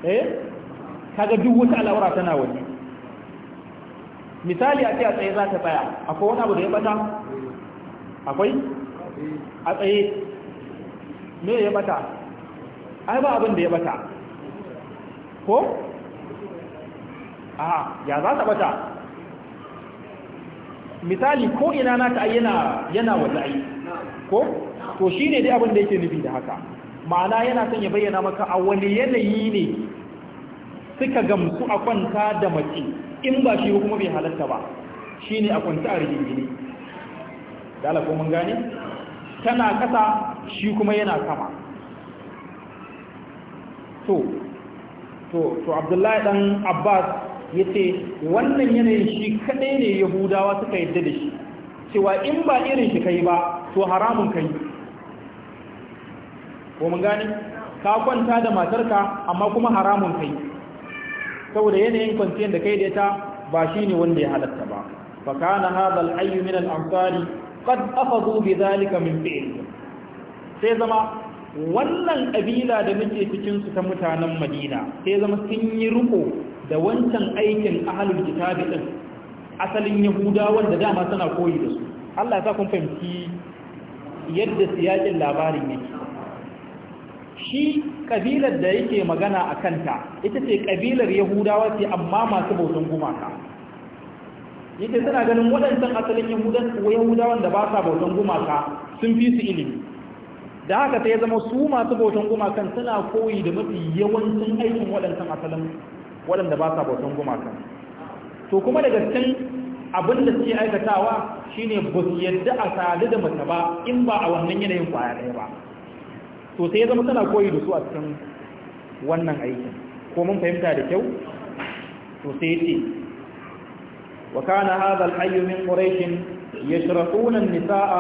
eh kaga duk wata al'aura tana waje misali a ce a tsaye za ta tsaya akwai wani abu da ya ɓata akwai a tsaye me ya bata ai ba abin da ya bata ko a ya za ta bata misali ko ina na ta yana yana wallahi ko to shi ne dai abin da yake nufi da haka ma'ana yana son ya bayyana maka a wani yanayi ne suka gamsu a kwanta da mace in ba shi kuma bai halatta ba shi ne a kwanta a rigingine dala ko mun gane tana kasa shi kuma yana sama to to to abdullahi dan abbas ya wannan yanayin shi kadai ne yahudawa suka yadda da shi cewa in ba irin shi kai ba to haramun kai ko mun gane ka kwanta da matarka amma kuma haramun kai saboda yanayin kwanciyar da kai da ita ba shi ne wanda ya halatta ba fa kana hadha al-ayyu min al-amsari qad akhadhu bi zalika min fi'li sai zama wannan ƙabila da muke cikin su ta mutanen Madina sai zama sun yi riko da wancan aikin ahlul kitabi din asalin yahudawan da dama suna koyi da su Allah ya sa kun fahimci yadda siyakin labarin yake shi kabilar da yake magana a kanta ita ce ƙabilar yahudawa ce amma masu bautan gumaka yake suna ganin waɗancan asalin yahudawan da ba sa bautan gumaka sun fi su ilimi da haka ta ya zama su masu bautan gumakan suna koyi da mafi yawancin aikin waɗancan asalin waɗanda ba sa bautan gumakan to kuma daga cikin abin da suke aikatawa shine ba su yadda a sadu da mace ba in ba a wannan yanayin kwaya ɗaya ba to sai ya zama suna koyi da su a cikin wannan aikin ko mun fahimta da kyau to sai ce وكان هذا الحي من قريش يشرحون النساء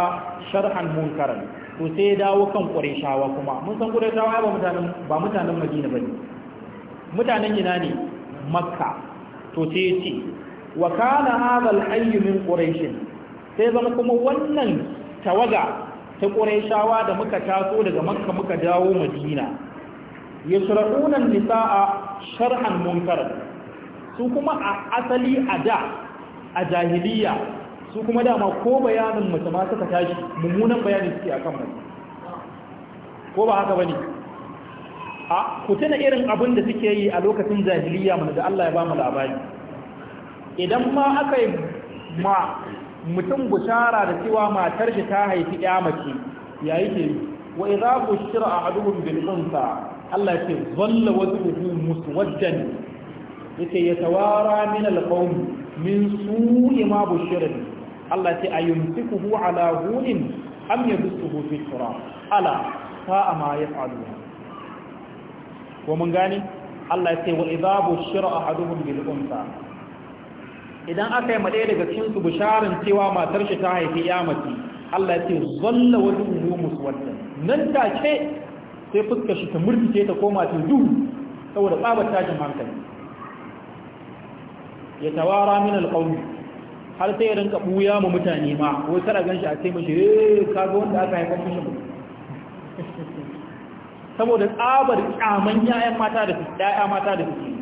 شرحا منكرا وسيدا وكم قريشاوا كما من سان قريشاوا ba mutanen ba mutanen Madina bane mutanen ina ne Makka to sai yace wa kana hadha al-hayy min sai zama kuma wannan tawaga ta quraishawa da muka taso daga Makka muka dawo Madina yashrahuna nisaa sharhan munkaran su kuma a asali a da a jahiliya su kuma dama ko bayanin mace ma suka tashi mummunan bayanin suke akan mace ko ba haka bane a ku tuna irin abin da suke yi a lokacin jahiliya mana da Allah ya ba mu labari idan ma aka yi ma mutum bushara da cewa matar shi ta haifi ya mace yayi ke wa idza bushira ahaduhum bil unsa Allah ya ce zalla wajhuhu muswajjan yake yatawara min al qawm min su'i ma bushira Allah ta ayumsikuhu ala hunin am yadsuhu fi turab ala sa'a ma yaf'aluna ko mun gane Allah ya ce wa idza bushira ahaduhum bil unsa idan aka yi madaya daga cikin su bisharin cewa matar shi ta haifi ya Allah ya ce zalla wajhuhu muswadda nan take sai fuskar shi ta murtice ta koma ta duhu saboda tsabar tashin hankali ya tawara min alƙawmi har sai ya rinka ɓuya ma mutane ma wai kada gan shi a ce mashi eh ka ga wanda aka haifar mishi saboda tsabar kyaman yayan mata da su ɗaya mata da su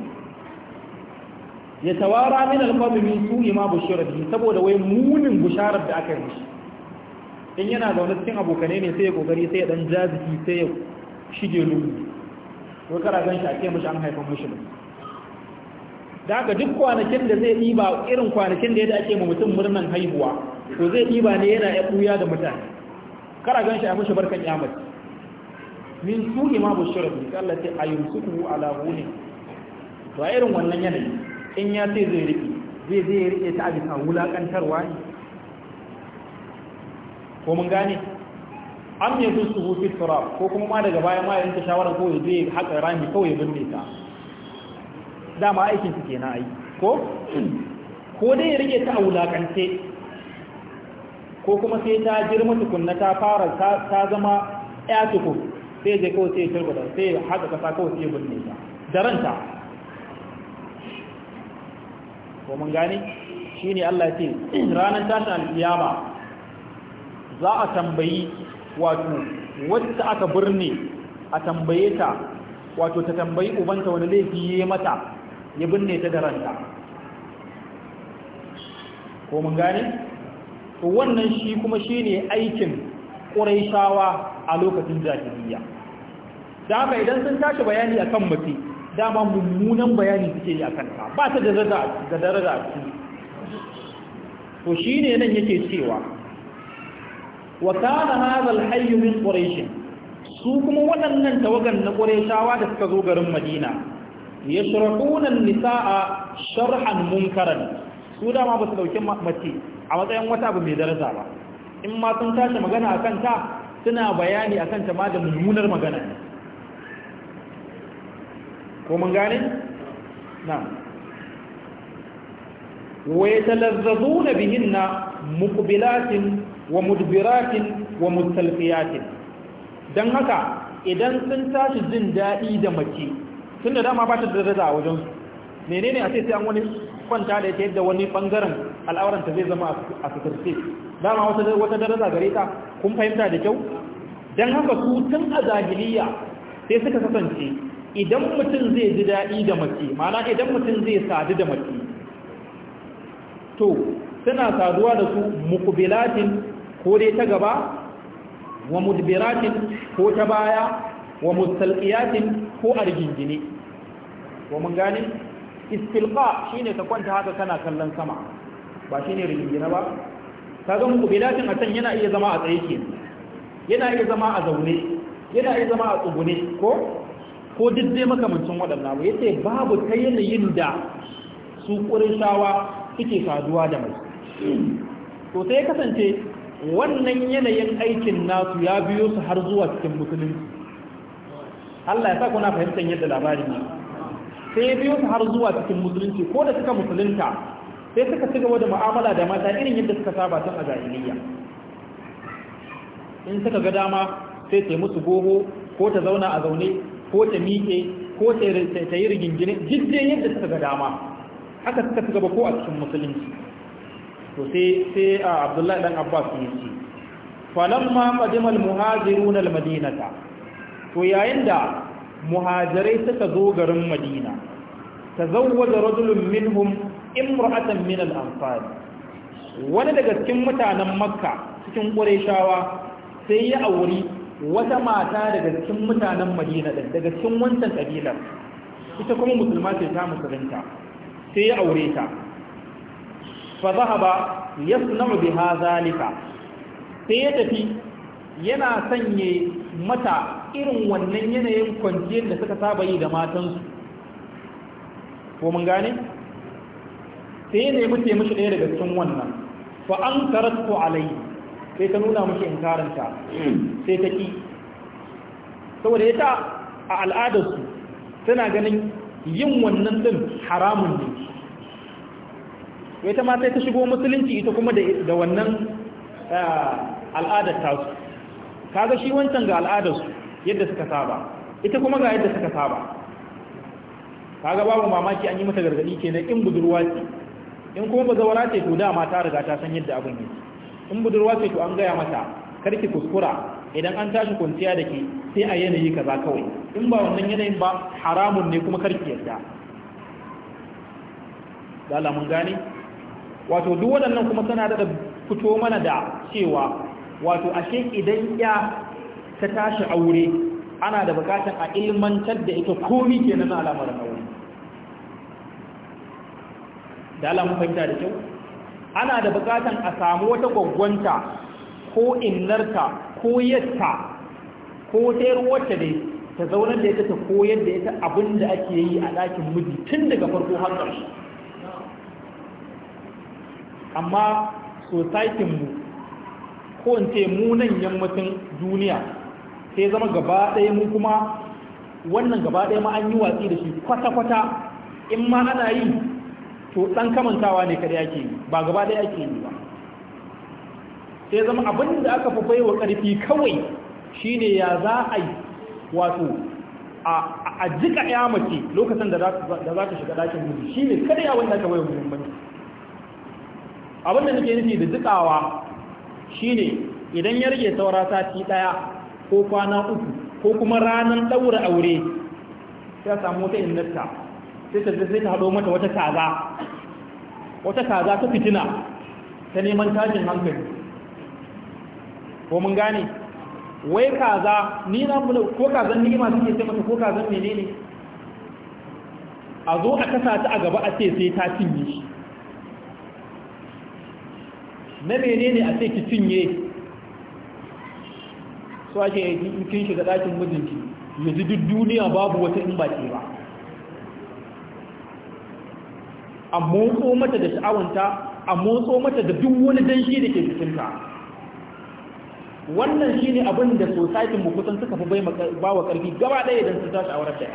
ya tawara min alƙawmi min su ima bushara bihi saboda wai munin busharar da aka yi shi in yana zaune cikin abokanai ne sai ya kokari sai ya dan jaziki sai ya shige lungu wai kada gan shi a ce mashi an haifar mishi ba da haka duk kwanakin da zai ɗiba irin kwanakin da ya dace ma mutum murnan haihuwa to zai ɗiba ne yana ya ɓuya da mutane kara gan shi a mashi barkan yamar min su imamu shirin da Allah ce a yunsuku ala hune to a irin wannan yanayi in ya ce zai riƙe zai zai riƙe ta a bisa wulaƙantarwa ne ko mun gane an ne sun su hufi tura ko kuma ma daga bayan ma yanke shawarar kawai zai haƙa rami kawai ya binne ta dama aikin su kenan ai ko ko dai ya rike ta a wulakance ko kuma sai ta girma tukunna ta fara ta zama ya tuku sai je kawai sai turba da sai haka kasa kawai sai gudun ta da ranta ko mun gani shi ne Allah ce ranar tashin alkiyama za a tambayi wato wacce aka birne a tambaye ta wato ta tambayi ubanta wani laifi ya mata ya binne ta da ranta ko mun gane to wannan shi kuma shine aikin ƙuraishawa a lokacin jahiliya da idan sun tashi bayani akan mace dama mummunan bayani suke yi akan ta ba ta da daraja a cikin to shine nan yake cewa wa kana hadha al-hayy min quraish su kuma waɗannan tawagan na quraishawa da suka zo garin madina yashrahuna nisaa sharhan munkaran su dama ba su dauki mace a matsayin wata abu mai daraja ba in ma sun tashi magana akan ta suna bayani akan ta ma da mummunar magana ko mun gane na'am wa yatalazzazuna bihinna muqbilatin wa mudbiratin wa mutalfiyatin dan haka idan sun tashi jin daɗi da mace tun da dama ba ta daraja a wajen menene a ce sai an wani kwanta da yake yadda wani bangaren al'auranta zai zama a sutarce dama wata daraja gare ta kun fahimta da kyau don haka su tun a zahiliya sai suka kasance idan mutum zai ji daɗi da mace ma'ana idan mutum zai sadu da mace to suna saduwa da su mukubilatin ko dai ta gaba wa mudbiratin ko ta baya wa mustalqiyatin ko argingine ko mun gane istilqa shine ka kwanta haka kana kallon sama ba shine rigingina ba kaga mu kubilatin a can yana iya zama a tsaye ke yana iya zama a zaune yana iya zama a tsugune ko ko diddai makamancin waɗannan ba yace babu ta yanayin da su ƙurishawa suke saduwa da mai to sai ya kasance wannan yanayin aikin nasu ya biyo su har zuwa cikin musulunci Allah ya sa kuna fahimtar yadda labarin ne sai ya biyo su har zuwa cikin musulunci ko da suka musulunta sai suka ci gaba da mu'amala da mata irin yadda suka saba tun a jahiliya in suka ga dama sai ta musu goho ko ta zauna a zaune ko ta miƙe ko ta yi rigingine jidde yadda suka ga dama haka suka ci gaba ko a cikin musulunci to sai a abdullahi dan abbas ne ce falamma qadimal muhajiruna almadinata to yayin da muhajirai suka zo garin madina da rajulun minhum in min al amfani. wani daga cikin mutanen makka cikin qurayshawa sai ya auri wata mata daga cikin mutanen madina din daga cikin wancan kabilar ita kuma musulma ce ta musulunta sai ya aure ta fa zahaba yasna'u biha zalika sai ya tafi yana sanye mata irin wannan yanayin kwanciyar da suka saba yi da matansu ko mun gane sai ne muke mishi ɗaya daga cikin wannan fa an karatu alai sai ta nuna mishi in karanta sai ta ki saboda ita a al'adarsu tana ganin yin wannan din haramun ne ita ma sai ta shigo musulunci ita kuma da wannan eh, al'adar tasu kaga shi wancan ga al'adarsu yadda suka saba ita kuma ga yadda suka saba kaga babu mamaki an yi mata gargadi kenan in budurwa ce in kuma zawara ce to dama ta riga ta san yadda abin yake in budurwa ce to an gaya mata karki kuskura idan an tashi kwanciya da ke sai a yanayi kaza kawai in ba wannan yanayin ba haramun ne kuma karki yadda da mun gane wato duk waɗannan kuma suna da fito mana da cewa wato ashe idan ya ta tashi aure ana da bukatar a ilmantar da ita komi ke nan alamar aure da alamun fahimta da kyau ana da bukatar a samu wata gwaggwanta ko innarta ko yatta ko ta yarwarta dai ta zaunar da ita ta koyar da ita abin da ake yi a ɗakin miji tun daga farko har ƙarshe amma mu, ko in ce mu nan yammacin duniya sai zama gaba ɗaya mu kuma wannan gaba ɗaya ma an yi watsi da shi kwata-kwata in ma ana yi to ɗan kamantawa ne kada ake yi ba gaba ɗaya ake yi ba sai zama abin da aka fi baiwa ƙarfi kawai shine ya za a yi wato a jika ya mace lokacin da za ta shiga ɗakin gudu shi ne kada ya da aka baiwa muhimmanci abin da nake nufi da jikawa shine idan ya rage saura sati ɗaya ko kwana uku ko kuma ranar ɗaura aure sai a samu wata innarta sai ta zai ta haɗo mata wata kaza wata kaza ta fitina ta neman tashin hankali ko mun gane wai kaza ni na bula ko kazan ma suke ce mata ko kazan menene a zo a kasa ta a gaba a ce sai ta cinye shi na menene a ce ki cinye so ake yi kin shiga ɗakin mijinki ya ji duk duniya babu wata in ba ke ba a motso mata da sha'awanta a motso mata da duk wani danshi da ke cikinta wannan shi ne abin da society mu kusan suka fi bai wa karfi gaba ɗaya idan su tashi a wurin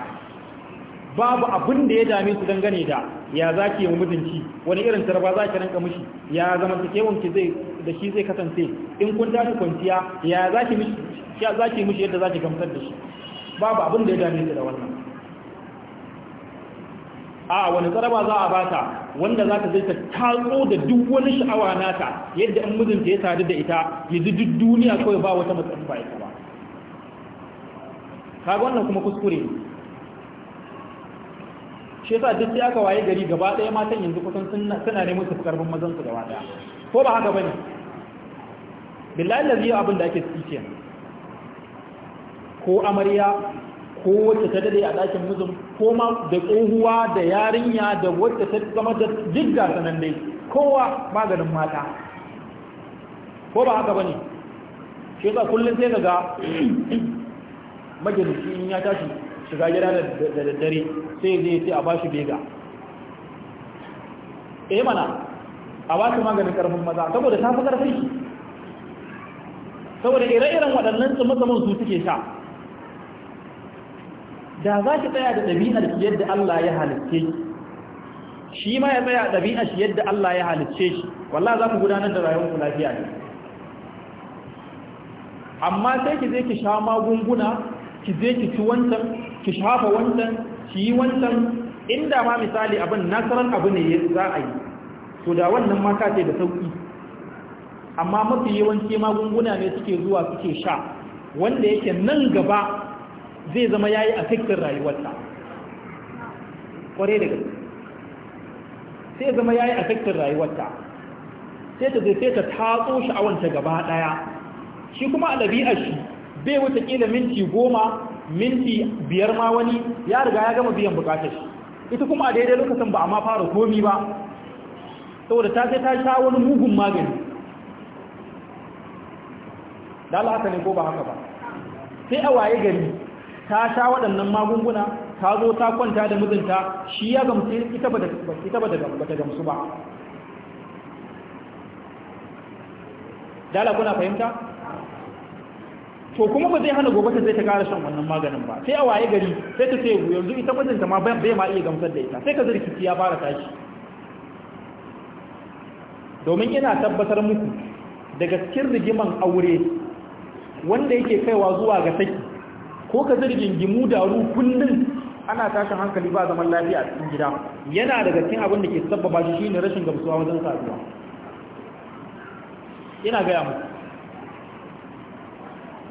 babu abin da ya dame su dangane da ya za ki yi mutunci wani irin tarba za ki ranka mishi ya zama ki zai da shi zai kasance in kun tashi kwanciya ya za ki mushi ya yadda za ki gamsar da shi babu abin da ya dame su da wannan a wani tsaraba za a bata wanda za ta zai ta tatso da duk wani sha'awa nata yadda in mijinta ya sadu da ita ya ji duk duniya kawai ba wata matsayin ba ita ba kaga wannan kuma kuskure shi yasa duk sai aka waye gari gaba ɗaya matan yanzu kusan suna neman su fi karfin mazan su gaba ɗaya ko ba haka bane billahi lazi abin da ake ciki ko amarya ko wacce ta dade a ɗakin mijin ko ma da tsohuwa da yarinya da wacce ta zama da jigga sanan dai kowa maganin mata ko ba haka bane shi yasa kullum sai ga [clears throat] majalisi in ya tashi shiga gida da daddare sai zai sai a bashi bega eh mana a bashi maganin karfin maza saboda ta fi karfi shi saboda ire-iren waɗannan tsumatsaman su suke sha da za ki tsaya da ɗabi'ar shi yadda Allah ya halitce shi ma ya tsaya ɗabi'ar shi yadda Allah ya halitce shi wallah za ku gudanar da rayuwar ku lafiya ne amma sai ki je ki sha magunguna ki je ki ci wancan ki shafa wancan ki yi wancan inda ma misali abin nasaran abu ne za a yi to da wannan mata ce da sauki amma mafi yawanci magunguna ne suke zuwa suke sha wanda yake nan gaba zai zama yayi a cikin rayuwarta kware da gaske sai zama yayi a cikin rayuwarta sai ta zai ta tatso sha'awanta gaba daya shi kuma a ɗabi'ar shi bai wata kila minti goma minti biyar ma wani ya riga ya gama biyan bukatar shi ita kuma a daidai lokacin ba a ma fara komi ba saboda ta ce ta sha wani mugun magani da haka ne ko ba haka ba sai a waye gari ta sha waɗannan magunguna ta zo ta kwanta da mijinta shi ya gamsu ita ba ta gamsu ba dala kuna fahimta to kuma ba zai hana gobe ta zai ta kara shan wannan maganin ba sai a waye gari sai ta sai yanzu ita mijinta ma bai ma iya gamsar da ita sai ka kici ya fara tashi domin ina tabbatar muku daga cikin rigiman aure wanda yake kaiwa zuwa ga saki ko ka zirgin gimu da ru kullun ana tashin hankali ba zaman lafiya a cikin gida yana daga cikin abin da ke sabbaba shi ne rashin gamsuwa wajen saduwa ina gaya muku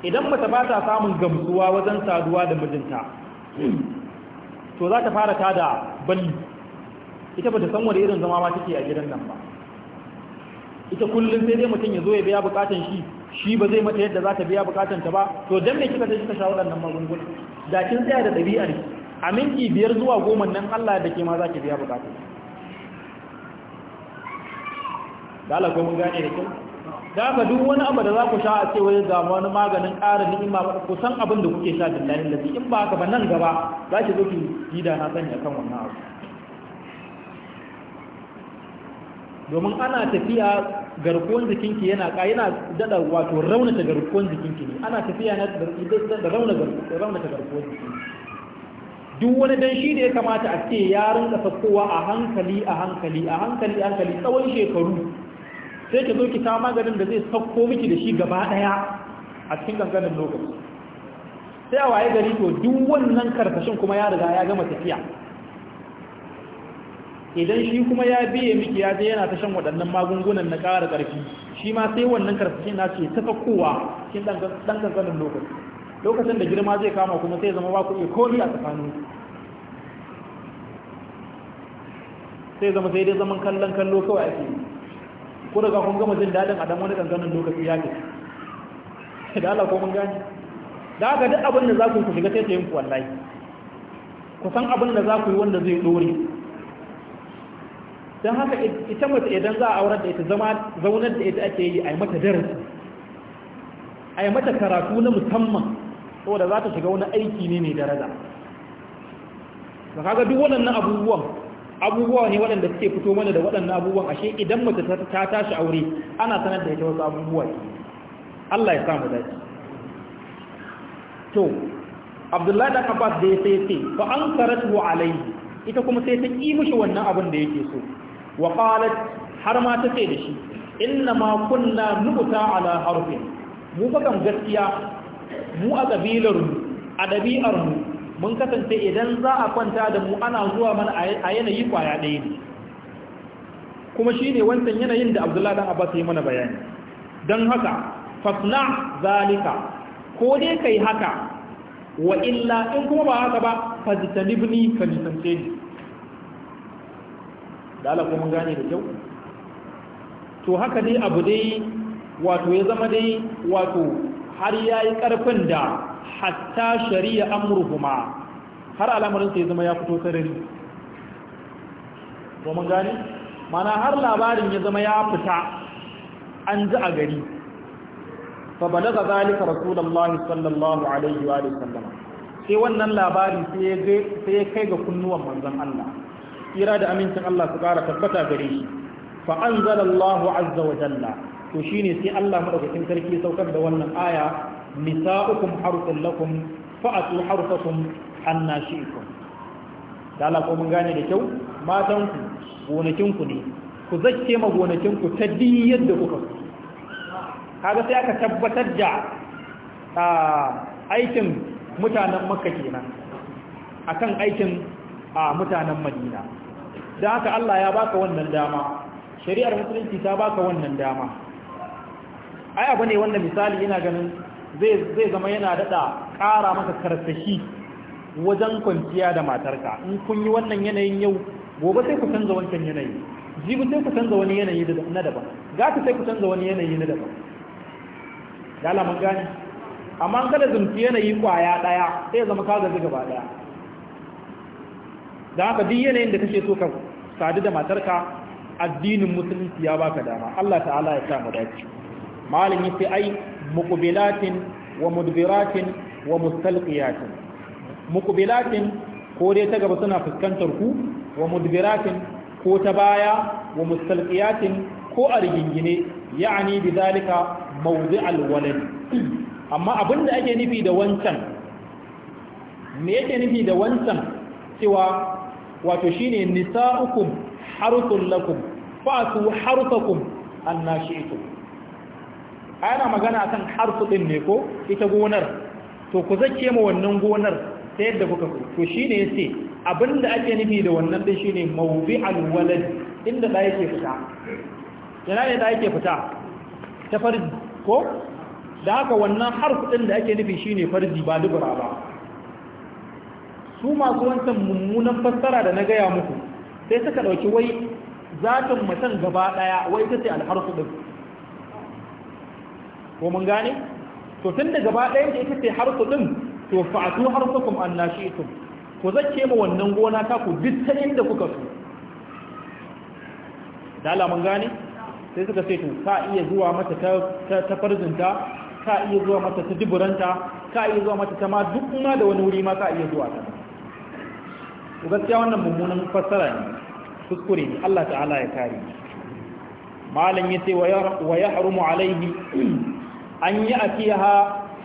idan mace ba ta samun gamsuwa wajen saduwa da mijinta to za ta fara ta da balli ita ba ta san wani irin zama ma take a gidan nan ba ita kullum sai dai mutum ya zo ya biya bukatun shi shi ba zai mata yadda za ta biya bukatun ta ba to dan me kika ta kika sha waɗannan magunguna da kin tsaya da ɗabi'ar a minti biyar zuwa goma nan Allah da ke ma za ki biya bukatun. da ko mun gane da kyau da aka duk wani abu da za ku sha a ce wani ga wani maganin ƙara ni'ima ku san abin da kuke sha billahi lazi in ba haka ba nan gaba za ki zo ki yi da na sani akan wannan abu domin ana tafiya garkuwan jikinki yana ka yana dada wato raunata garkuwan jikinki ne ana tafiya na da raunata garkuwan jikinki duk wani danshi da ya kamata a ce ya rinka kowa a hankali a hankali a hankali a hankali tsawon shekaru sai ka zo ki ta maganin da zai sauko miki da shi gaba daya a cikin ganganin lokaci sai a waye gari to duk wannan karfashin kuma ya riga ya gama tafiya idan shi kuma ya biye miki ya je yana ta shan waɗannan magungunan na ƙara ƙarfi shi ma sai wannan karfashin na ce ta saukowa cikin ɗan ganganin lokaci lokacin da girma zai kama kuma sai zama ba ku iya komi a tsakanin sai zama sai dai zaman kallon kallo kawai ake yi ko daga kun gama jin daɗin a dan wani ƙanƙanin lokaci ya ke da Allah ko mun gane da haka duk abin da za ku shiga sai tayin ku wallahi ku san abin da za ku yi wanda zai dore don haka ita mace idan za a aurar da ita zama zaunar da ita ake yi a yi mata darasi a yi mata karatu na musamman saboda za ta shiga wani aiki ne mai daraja da kaga duk waɗannan abubuwan abubuwa ne waɗanda suke fito mana da waɗannan abubuwan ashe idan mace ta tashi aure ana sanar da ita wasu abubuwa ne Allah ya samu dace to Abdullahi dan Abbas da ya sai sai fa an karatu alaihi ita kuma sai ta ki mishi wannan abin da yake so wa qalat har ma ta sai da shi inna ma kunna nubta ala harfin mu fa kan gaskiya mu a kabilar mu a dabi'ar mu mun kasance idan za a kwanta da mu ana zuwa mana a yanayi kwaya ɗaya ne kuma shi ne wancan yanayin da abdullahi ɗan abbas ya mana bayani don haka fasna zalika ko dai ka yi haka wa illa in kuma ba haka ba fajtanibni ka nisance ni da ala kuma gane da kyau to haka dai abu dai wato ya zama dai wato har ya yi karfin da hatta shari'a amruhuma har al'amarin sai zama ya fito sarari ko mun gane mana har labarin ya zama ya fita an ji a gari fa balaga zalika rasulullahi sallallahu alaihi wa sallam sai wannan labari sai ya kai ga kunnuwan manzon Allah kira da amincin Allah su kara tabbata gare shi fa anzalallahu azza wa jalla to shine sai Allah madaukakin sarki saukar da wannan aya nisa'ukum harfun lakum fa'atu harfakum anna shi'kum da Allah ko mun gane da kyau matan ku gonakin ku ne ku zakke ma gonakin ku ta din yadda kuka kaga sai aka tabbatar da aikin mutanen makka kenan akan aikin mutanen madina da haka Allah ya baka wannan dama shari'ar musulunci ta baka wannan dama ai abu ne wanda misali ina ganin zai zama yana daɗa ƙara maka karsashi wajen kwanciya da matarka in kun yi wannan yanayin yau gobe sai ku canza wancan yanayi jibi sai ku canza wani yanayi na daban gata sai ku canza wani yanayi na daban da alamun gani amma kada zumfi yanayi kwaya ɗaya sai zama ka gaji gaba ɗaya da haka duk yanayin da kashe so ka sadu da matarka addinin musulunci ya baka dama Allah ta'ala ya sa mu dace malin sai ai muqbilatin wa mudbiratin wa mustalqiyatin muqbilatin ko dai ta gaba suna fuskantar ku wa mudbiratin ko ta baya wa mustalqiyatin ko a rigingine ya'ani bi zalika mawdi'al walad amma abinda ake nufi da wancan me yake nufi da wancan cewa wato shine nisa'ukum harusul lakum fa'tu harusakum annashi'tum ana magana akan harsu ɗin ne ko ita gonar to ku zace ma wannan gonar ta yadda kuka ku to shi shine yace abinda ake nufi da wannan din ne mawubi walad inda da ke fita yana ne ɗaya ke fita ta farji ko da haka wannan harsu ɗin da ake nufi shi ne farji ba dubura ba su masu wancan mummunan fassara da na gaya muku sai suka ɗauki wai zatin mutum gaba ɗaya wai ta ce alharsu ɗin ko mun gane to tun da gaba ɗayan da ita ce harsu ɗin to fa'atu kuma an ko ku zace ma wannan gona ta ku duk ta inda kuka so dala mun gane sai suka ce to ka iya zuwa mata ta farzinta ka iya zuwa mata ta duburanta ka iya zuwa mata ta ma duk ma da wani wuri ma ka iya zuwa ta ku gaskiya wannan mummunan fassara ne kuskure ne Allah ta'ala ya kare malam yace wa yahrumu alaihi an yi a fiha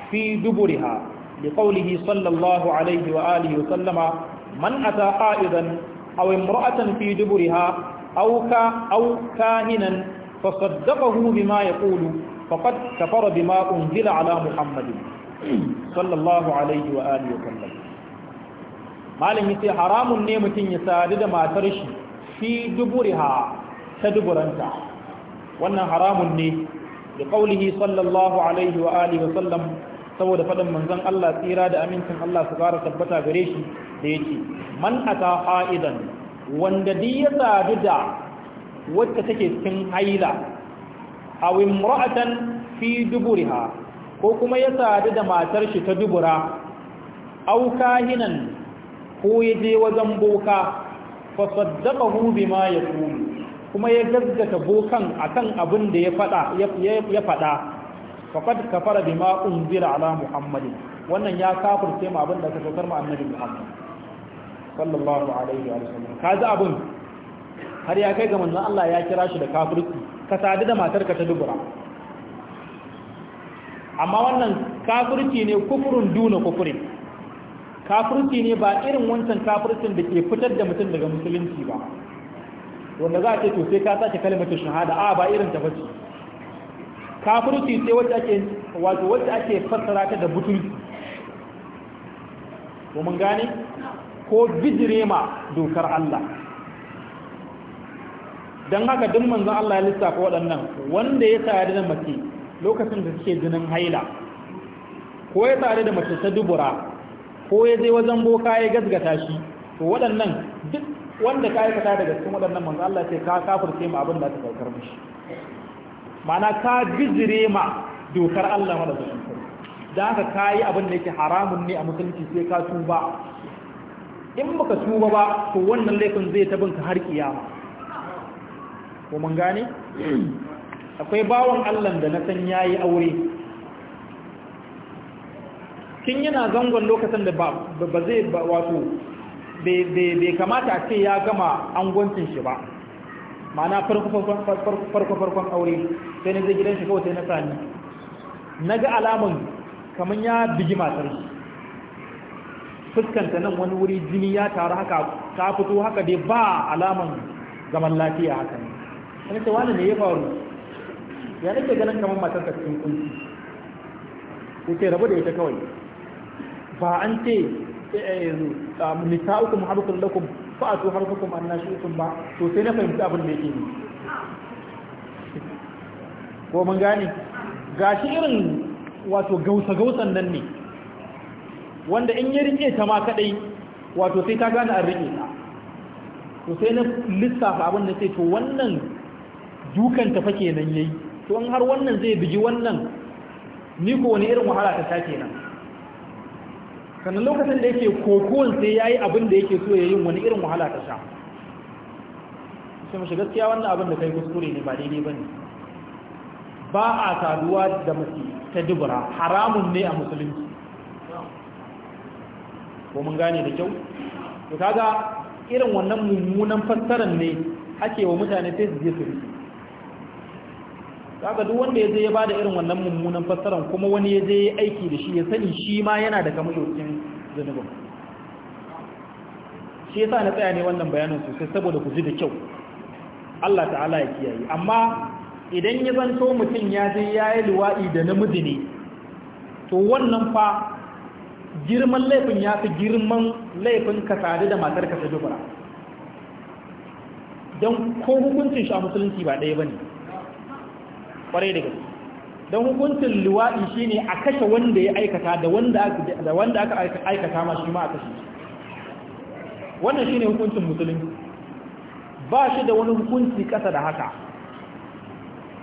fi duburi ha da sallallahu alaihi wa alihi wa sallama man a ta ƙa’idan a wa imuratan fi duburi ha ma ya ƙulu ta fara bi ma ƙungila ala muhammadin sallallahu alaihi wa alihi wa sai haramun ne mutum ya sadu da matar shi fi duburi ta duburanta wannan haramun ne da qaulihi sallallahu alaihi wa alihi wa sallam saboda faɗin manzon Allah tsira da amincin Allah su ƙara tabbata gare shi da yake man ata ha'idan wanda duk ya sadu da wacce take cikin haila aw imra'atan fi duburiha ko kuma ya sadu da matar shi ta dubura auka hinan ko ya je wajen boka fa saddaqahu ya yaqulu kuma ya gaggata bokan a kan abin da ya fada ya fada faqad kafara bima unzira ala muhammadin wannan ya sai mu abin da aka saukar mu annabi muhammad sallallahu alaihi wa sallam ji abin har ya kai ga manzon Allah ya kira shi da kafirci ka sadu da matarka ta dubura amma wannan kafirci ne kufurin duna kufurin kafirci ne ba irin wancan kafircin da ke fitar da mutum daga musulunci ba wanda za a ce to sai ka sake kalmatin shahada a ba irin ta kafirci sai wacce ake wato wacce ake fassara ta da butulci ko mun gane ko bijire dokar Allah dan haka duk manzon Allah ya lissafa waɗannan wanda ya tare da mace lokacin da suke jinin haila ko ya tare da mace ta dubura ko ya je wajen boka ya gasgata shi to waɗannan duk wanda ka aikata daga cikin waɗannan manzo Allah sai ka kafirce mu abin da ta saukar mishi ma'ana ka bijire ma dokar Allah da sarki da haka kayi abin da yake haramun ne a musulunci sai ka tuba in baka tuba ba to wannan laifin zai ta binka har kiyama ko mun gane akwai bawon Allah da na san yayi aure kin yana zangon lokacin da ba zai wato bai kamata ce ya gama angwancin shi ba mana farko-farkon aure sai na zai gidan shi kawai sai na sani na ga alamun kamar ya bigi matar fuskanta nan wani wuri jini ya taru haka ta fito haka dai ba alamun zaman lafiya haka ne wani ce wani ne ya faru ya nake ganin kamar matar ka cikin kunci ita rabu da ita kawai ba an ce nisa'ukum harkun lakum fa'atu harkukum an nashi'ukum ba to sai na fahimci abin da yake ne ko mun gane gashi irin wato gausa gausan nan ne wanda in ya rike ta ma kadai wato sai ta gane an rike ta to sai na lissafa abin da sai to wannan dukan ta fa kenan yayi to in har wannan zai bigi wannan ni ko wani irin wahala ta ta nan. kana lokacin da yake kokon sai yayi yi abin da yake so ya yi wani irin wahala ta sha sai shiga gaskiya wannan abin da kai kuskure ne ba daidai ba ba a saduwa da musu ta dubura haramun ne a musulunci ko mun gane da kyau to kaga irin wannan mummunan fassarar ne ake wa mutane sai su je su kaga duk wanda ya je ya bada irin wannan mummunan fassaran kuma wani ya je aiki da shi ya sani shi ma yana da kamar yokin zunubin shi yasa na tsaya ne wannan bayanin sosai saboda ku ji da kyau Allah ta'ala ya kiyaye amma idan ya zanto mutum ya je ya yi luwaɗi da namiji ne to wannan fa girman laifin ya fi girman laifin ka sadu da matar ka ta jubura don ko hukuncin shi a musulunci ba ɗaya ba ne kwarai da gaske don hukuncin luwaɗi shine a kashe wanda ya aikata da wanda aka aikata ma shi ma a kashe shi wannan shine hukuncin musulunci ba shi da wani hukunci ƙasa da haka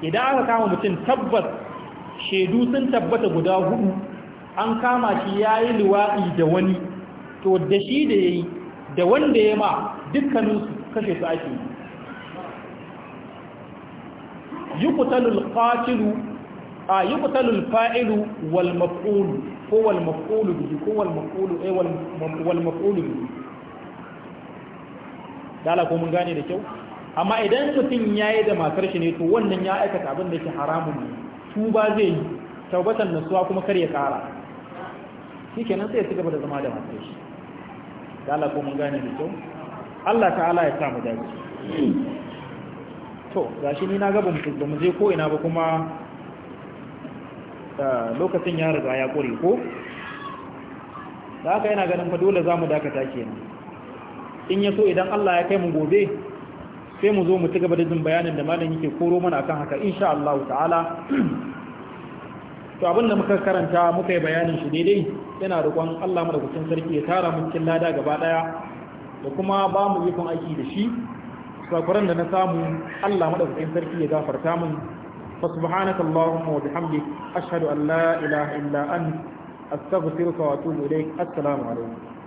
idan aka kama mutum tabbas shaidu sun tabbata guda hudu an kama shi ya yi luwaɗi da wani to da shi da ya yi da wanda ya ma dukkaninsu kashe su ake yi yuqtalul qatilu a yuqtalul fa'ilu wal maf'ul ko wal maf'ul bihi ko wal maf'ul eh wal maf'ul bihi dala ko mun gane da kyau amma idan mutum ya yi da matar shi ne to wannan ya aikata abin da yake haramun ne tuba zai yi taubatan nasuwa kuma kar ya kara kenan sai ya cigaba da zama da matar shi dala ko mun gane da kyau Allah ta'ala ya sa mu dace to shi ni na gaba ba mu je ko ina ba kuma lokacin ya riga ya kure ko da haka yana ganin fa dole zamu dakata kenan in ya so idan Allah ya kai mu gobe sai mu zo mu ci gaba da jin bayanin da malam yake koro mana akan haka insha Allah ta'ala to abin da muka karanta muka yi bayanin shi daidai yana roƙon Allah madaukakin sarki ya tara mu cikin lada gaba daya da kuma ba mu yi kun aiki da shi sakwaran da na samu Allah madaukakin sarki ya gafarta min fa allahumma wa bihamdik ashhadu an la ilaha illa anta astaghfiruka wa atubu ilaik assalamu alaikum